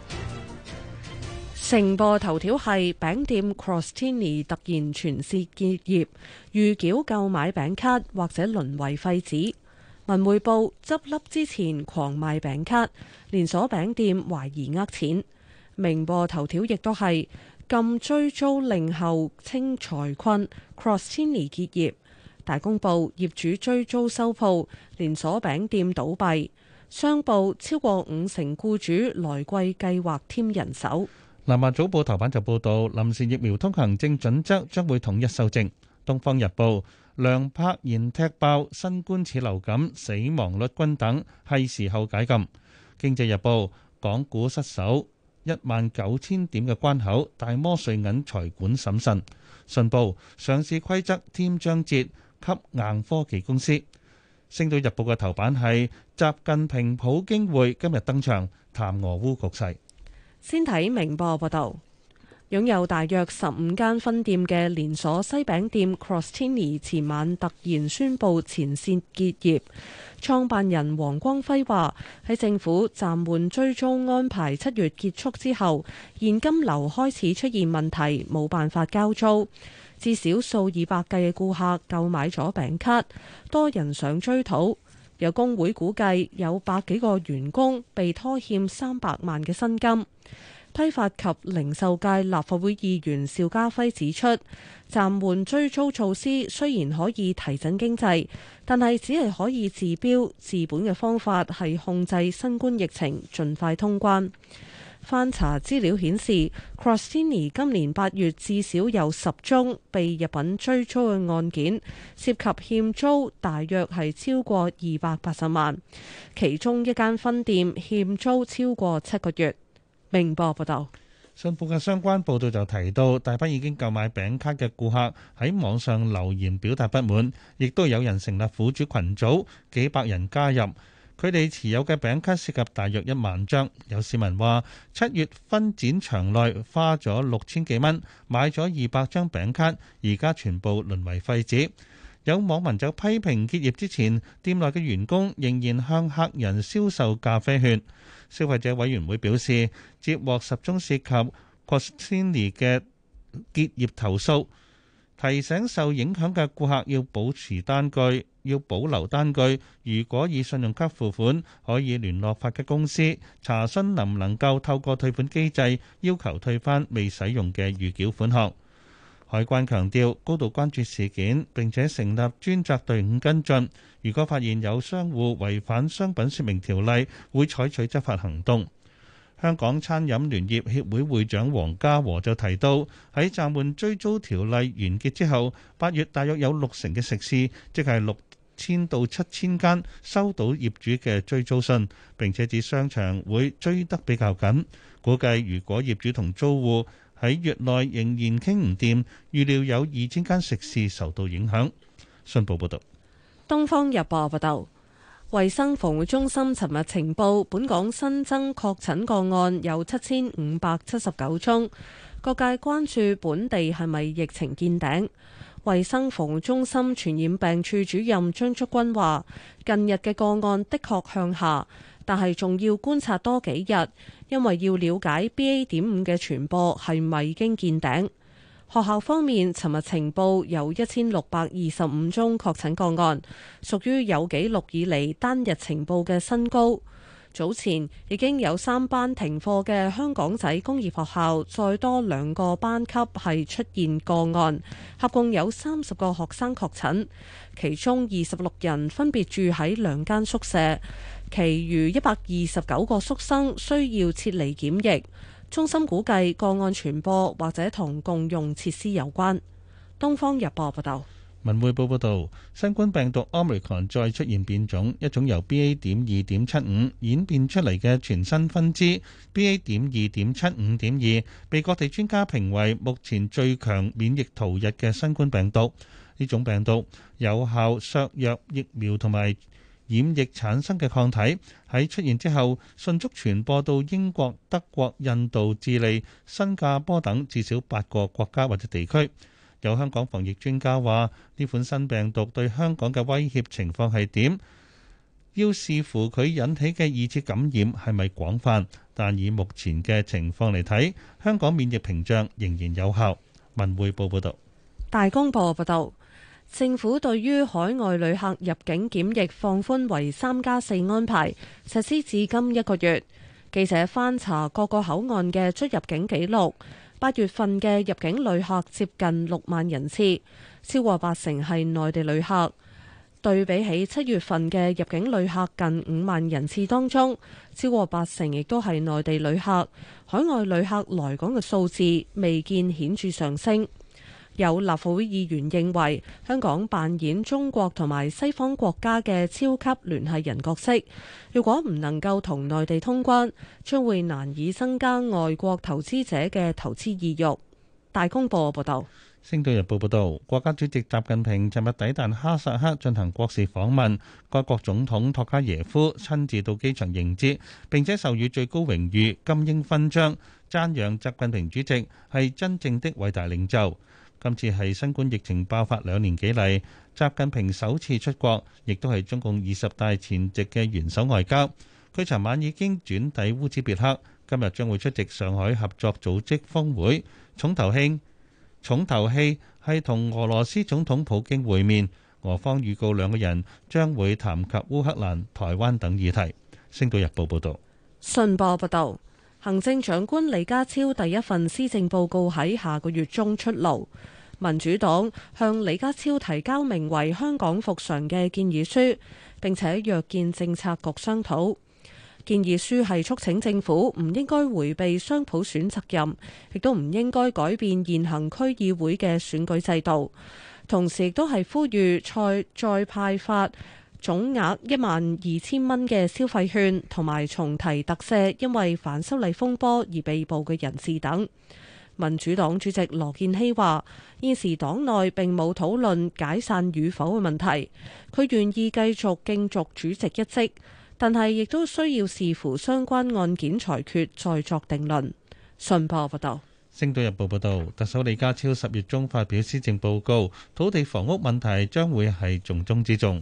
成報頭條係餅店 Crostini 突然全線結業，預繳購買餅卡或者淪為廢紙。文匯報執笠之前狂賣餅卡，連鎖餅店懷疑呃錢。明報頭條亦都係禁追租令後，清財困 Crostini 結業。大公報業主追租收鋪，連鎖餅店倒閉。商報超過五成僱主來季計劃添人手。《南華早報》頭版就報道，臨時疫苗通行證準則將會統一修正。《東方日報》梁柏賢踢爆新冠似流感，死亡率均等，係時候解禁。《經濟日報》港股失守一萬九千點嘅關口，大摩瑞銀財管審慎。《信報》上市規則添章節，給硬科技公司。《星島日報》嘅頭版係習近平普京會今日登場談俄烏局勢。先睇明報報道，擁有大約十五間分店嘅連鎖西餅店 Crostini 前晚突然宣布前線結業。創辦人黃光輝話：喺政府暫緩追租安排七月結束之後，現金流開始出現問題，冇辦法交租。至少數以百計嘅顧客購買咗餅卡，多人想追討。有工會估計有百幾個員工被拖欠三百萬嘅薪金。批發及零售界立法會議員邵家輝指出，暫緩追租措施雖然可以提振經濟，但係只係可以治標，治本嘅方法係控制新冠疫情，盡快通關。翻查資料顯示，Crostini 今年八月至少有十宗被入稟追租嘅案件，涉及欠租大約係超過二百八十萬，其中一間分店欠租超過七個月。明報報道，信報嘅相關報道就提到，大班已經購買餅卡嘅顧客喺網上留言表達不滿，亦都有人成立苦主群組，幾百人加入。佢哋持有嘅餅卡涉及大約一萬張，有市民話七月分展場內花咗六千幾蚊買咗二百張餅卡，而家全部淪為廢紙。有網民就批評結業之前店內嘅員工仍然向客人銷售咖啡券。消費者委員會表示接獲十宗涉及 Gucci 嘅結業投訴，提醒受影響嘅顧客要保持單據。要保留單據，如果以信用卡付款，可以聯絡發卡公司查詢能唔能夠透過退款機制，要求退翻未使用嘅預繳款項。海關強調高度關注事件，並且成立專責隊伍跟進，如果發現有商戶違反商品說明條例，會採取執法行動。香港餐飲聯業協會會長黃家和就提到，喺暫緩追租條例完結之後八月大約有六成嘅食肆，即係六。千到七千間收到業主嘅追租信，並且指商場會追得比較緊。估計如果業主同租戶喺月內仍然傾唔掂，預料有二千間食肆受到影響。信報報道，東方日報報道，衛生防護中心尋日情報，本港新增確診個案有七千五百七十九宗，各界關注本地係咪疫情見頂。衛生防護中心傳染病處主任張竹君話，近日嘅個案的確向下，但係仲要觀察多幾日，因為要了解 BA.5 嘅傳播係咪已經見頂。學校方面，尋日呈報有一千六百二十五宗確診個案，屬於有紀錄以嚟單日呈報嘅新高。早前已經有三班停課嘅香港仔工業學校，再多兩個班級係出現個案，合共有三十個學生確診，其中二十六人分別住喺兩間宿舍，其餘一百二十九個宿生需要撤離檢疫中心。估計個案傳播或者同共用設施有關。《東方日報》報道。文匯報報道，新冠病毒 Omicron 再出現變種，一種由 BA. 點二點七五演變出嚟嘅全新分支 BA. 點二點七五點二，被各地專家評為目前最強免疫逃逸嘅新冠病毒。呢種病毒有效削弱疫苗同埋染疫產生嘅抗體，喺出現之後迅速傳播到英國、德國、印度、智利、新加坡等至少八個國家或者地區。有香港防疫專家話：呢款新病毒對香港嘅威脅情況係點？要視乎佢引起嘅二次感染係咪廣泛。但以目前嘅情況嚟睇，香港免疫屏障仍然有效。文匯報報道，大公報報道，政府對於海外旅客入境檢疫放寬為三加四安排，實施至今一個月。記者翻查各個口岸嘅出入境記錄。八月份嘅入境旅客接近六萬人次，超過八成係內地旅客。對比起七月份嘅入境旅客近五萬人次當中，超過八成亦都係內地旅客。海外旅客來港嘅數字未見顯著上升。有立法會議員認為，香港扮演中國同埋西方國家嘅超級聯繫人角色。如果唔能夠同內地通關，將會難以增加外國投資者嘅投資意欲。大公報報道：《星島日報》報道，國家主席習近平尋日抵達哈薩克進行國事訪問，該國總統托卡耶夫親自到機場迎接並且授予最高榮譽金鷹勳章，讚揚習近平主席係真正的偉大領袖。今次係新冠疫情爆發兩年幾嚟，習近平首次出國，亦都係中共二十大前夕嘅元首外交。佢尋晚已經轉抵烏茲別克，今日將會出席上海合作組織峰會。重頭興，重頭戲係同俄羅斯總統普京會面。俄方預告兩個人將會談及烏克蘭、台灣等議題。星島日報報道，信報報道。行政長官李家超第一份施政報告喺下個月中出爐，民主黨向李家超提交名為《香港復常》嘅建議書，並且約見政策局商討。建議書係促請政府唔應該回避雙普選責任，亦都唔應該改變現行區議會嘅選舉制度。同時，亦都係呼籲再再派發。總額一萬二千蚊嘅消費券，同埋重提特赦，因為反修例風波而被捕嘅人士等。民主黨主席羅建熙話：現時黨內並冇討論解散與否嘅問題，佢願意繼續競逐主席一職，但係亦都需要視乎相關案件裁決再作定論。信報報道，《星島日報》報道，特首李家超十月中發表施政報告，土地房屋問題將會係重中之重。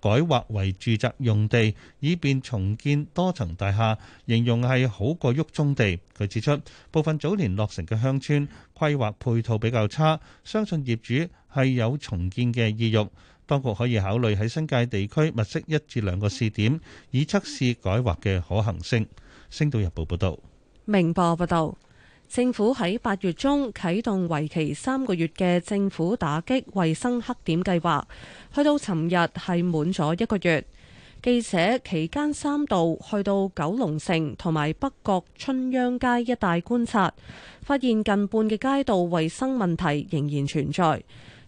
改劃為住宅用地，以便重建多層大廈，形容係好過喐中地。佢指出，部分早年落成嘅鄉村規劃配套比較差，相信業主係有重建嘅意欲。當局可以考慮喺新界地區物色一至兩個試點，以測試改劃嘅可行性。星島日報報道，明報報道。政府喺八月中啟動為期三個月嘅政府打擊衛生黑點計劃，去到尋日係滿咗一個月。記者期間三度去到九龍城同埋北角春秧街一帶觀察，發現近半嘅街道衛生問題仍然存在。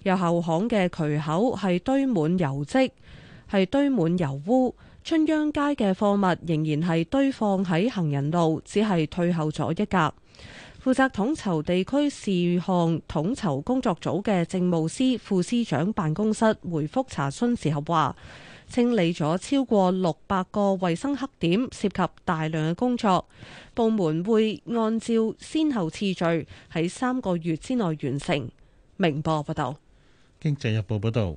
由後巷嘅渠口係堆滿油漬，係堆滿油污。春秧街嘅貨物仍然係堆放喺行人路，只係退後咗一格。負責統籌地區事項統籌工作組嘅政務司副司長辦公室回覆查詢時候話：清理咗超過六百個衞生黑點，涉及大量嘅工作，部門會按照先後次序喺三個月之內完成。明報報道，《經濟日報》報道，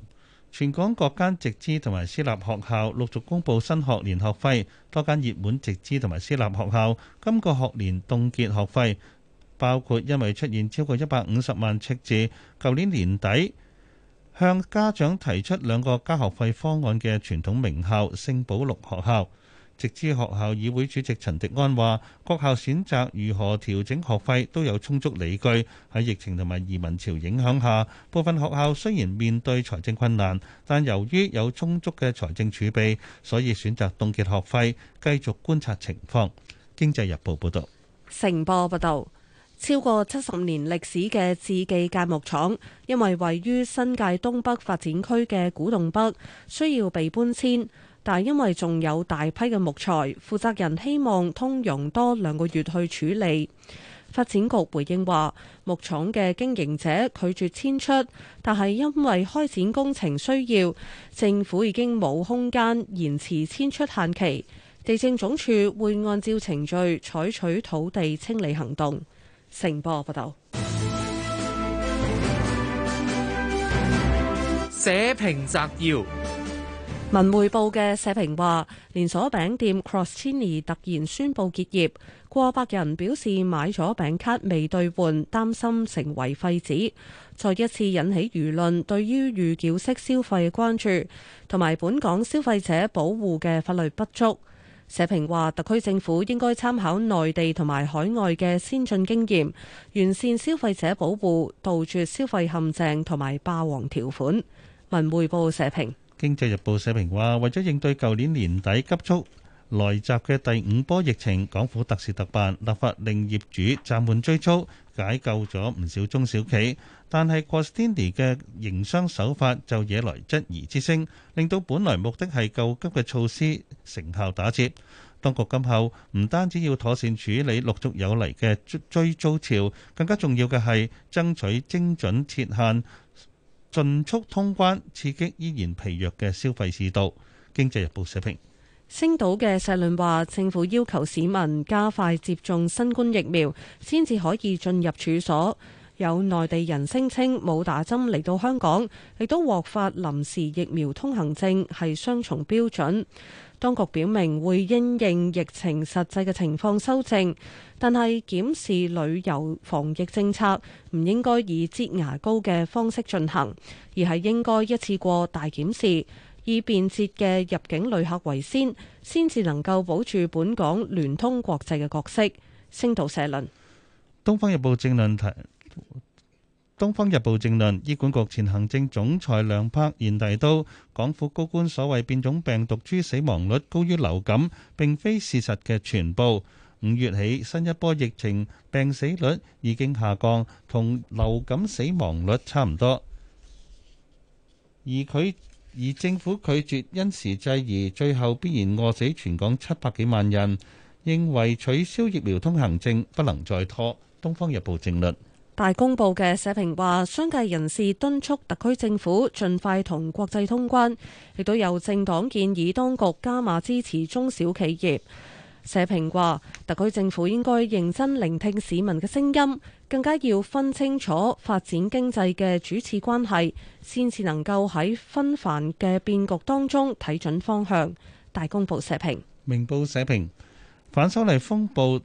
全港各間直資同埋私立學校陸續公布新學年學費，多間熱門直資同埋私立學校今個學年凍結學費。包括因為出現超過一百五十萬赤字，舊年年底向家長提出兩個加學費方案嘅傳統名校聖保祿學校，直資學校議會主席陳迪安話：各校選擇如何調整學費都有充足理據。喺疫情同埋移民潮影響下，部分學校雖然面對財政困難，但由於有充足嘅財政儲備，所以選擇凍結學費，繼續觀察情況。經濟日報報導，成波報道。超過七十年歷史嘅志記鎅木廠，因為位於新界東北發展區嘅古洞北，需要被搬遷。但係因為仲有大批嘅木材，負責人希望通融多兩個月去處理。發展局回應話，木廠嘅經營者拒絕遷出，但係因為開展工程需要，政府已經冇空間延遲遷出限期。地政總署會按照程序採取土地清理行動。成報報道，社評摘要：文匯報嘅社評話，連鎖餅店 Cross Chini 突然宣布結業，過百人表示買咗餅卡未兌換，擔心成為廢紙，再一次引起輿論對於預繳式消費嘅關注，同埋本港消費者保護嘅法律不足。社評話，特區政府應該參考內地同埋海外嘅先進經驗，完善消費者保護，杜絕消費陷阱同埋霸王條款。文匯報社評，經濟日報社評話，為咗應對舊年年底急速。來襲嘅第五波疫情，港府特事特辦立法令業主暫緩追租，解救咗唔少中小企。但係郭斯丁尼嘅營商手法就惹來質疑之聲，令到本來目的係救急嘅措施成效打折。當局今後唔單止要妥善處理陸續有嚟嘅追租潮，更加重要嘅係爭取精準切限、盡速通關，刺激依然疲弱嘅消費市道。經濟日報社評。星島嘅社論話：政府要求市民加快接種新冠疫苗，先至可以進入處所。有內地人聲稱冇打針嚟到香港，亦都獲發臨時疫苗通行證，係雙重標準。當局表明會因應疫情實際嘅情況修正，但係檢視旅遊防疫政策唔應該以擠牙膏嘅方式進行，而係應該一次過大檢視。以便捷嘅入境旅客為先，先至能夠保住本港聯通國際嘅角色。星島社論。《東方日報正論》提，《東方日報正論》醫管局前行政總裁梁柏賢提到，港府高官所謂變種病毒株死亡率高於流感，並非事實嘅全部。五月起新一波疫情病死率已經下降，同流感死亡率差唔多，而佢。而政府拒絕因時制宜，最後必然餓死全港七百幾萬人。認為取消疫苗通行證不能再拖。《東方日報》正論大公報嘅社評話，商界人士敦促特區政府盡快同國際通關，亦都有政黨建議當局加碼支持中小企業。社評話，特區政府應該認真聆聽市民嘅聲音。更加要分清楚發展經濟嘅主次關係，先至能夠喺紛繁嘅變局當中睇準方向。大公報社評。明報社評，反修例風暴。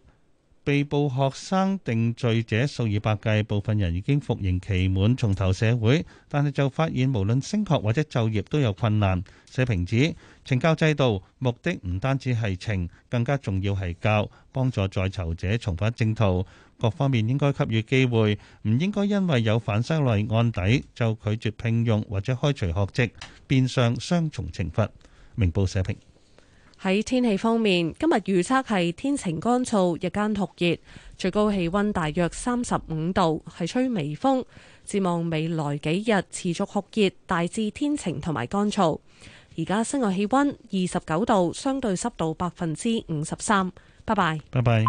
被捕學生定罪者數以百計，部分人已經服刑期滿，重投社會，但係就發現無論升學或者就業都有困難。社評指，懲教制度目的唔單止係懲，更加重要係教，幫助在囚者重返正途。各方面應該給予機會，唔應該因為有反修例案底就拒絕聘用或者開除學籍，變相雙重懲罰。明報社評。喺天氣方面，今日預測係天晴乾燥，日間酷熱，最高氣溫大約三十五度，係吹微風。展望未來幾日持續酷熱，大致天晴同埋乾燥。而家室外氣溫二十九度，相對濕度百分之五十三。拜拜。拜拜。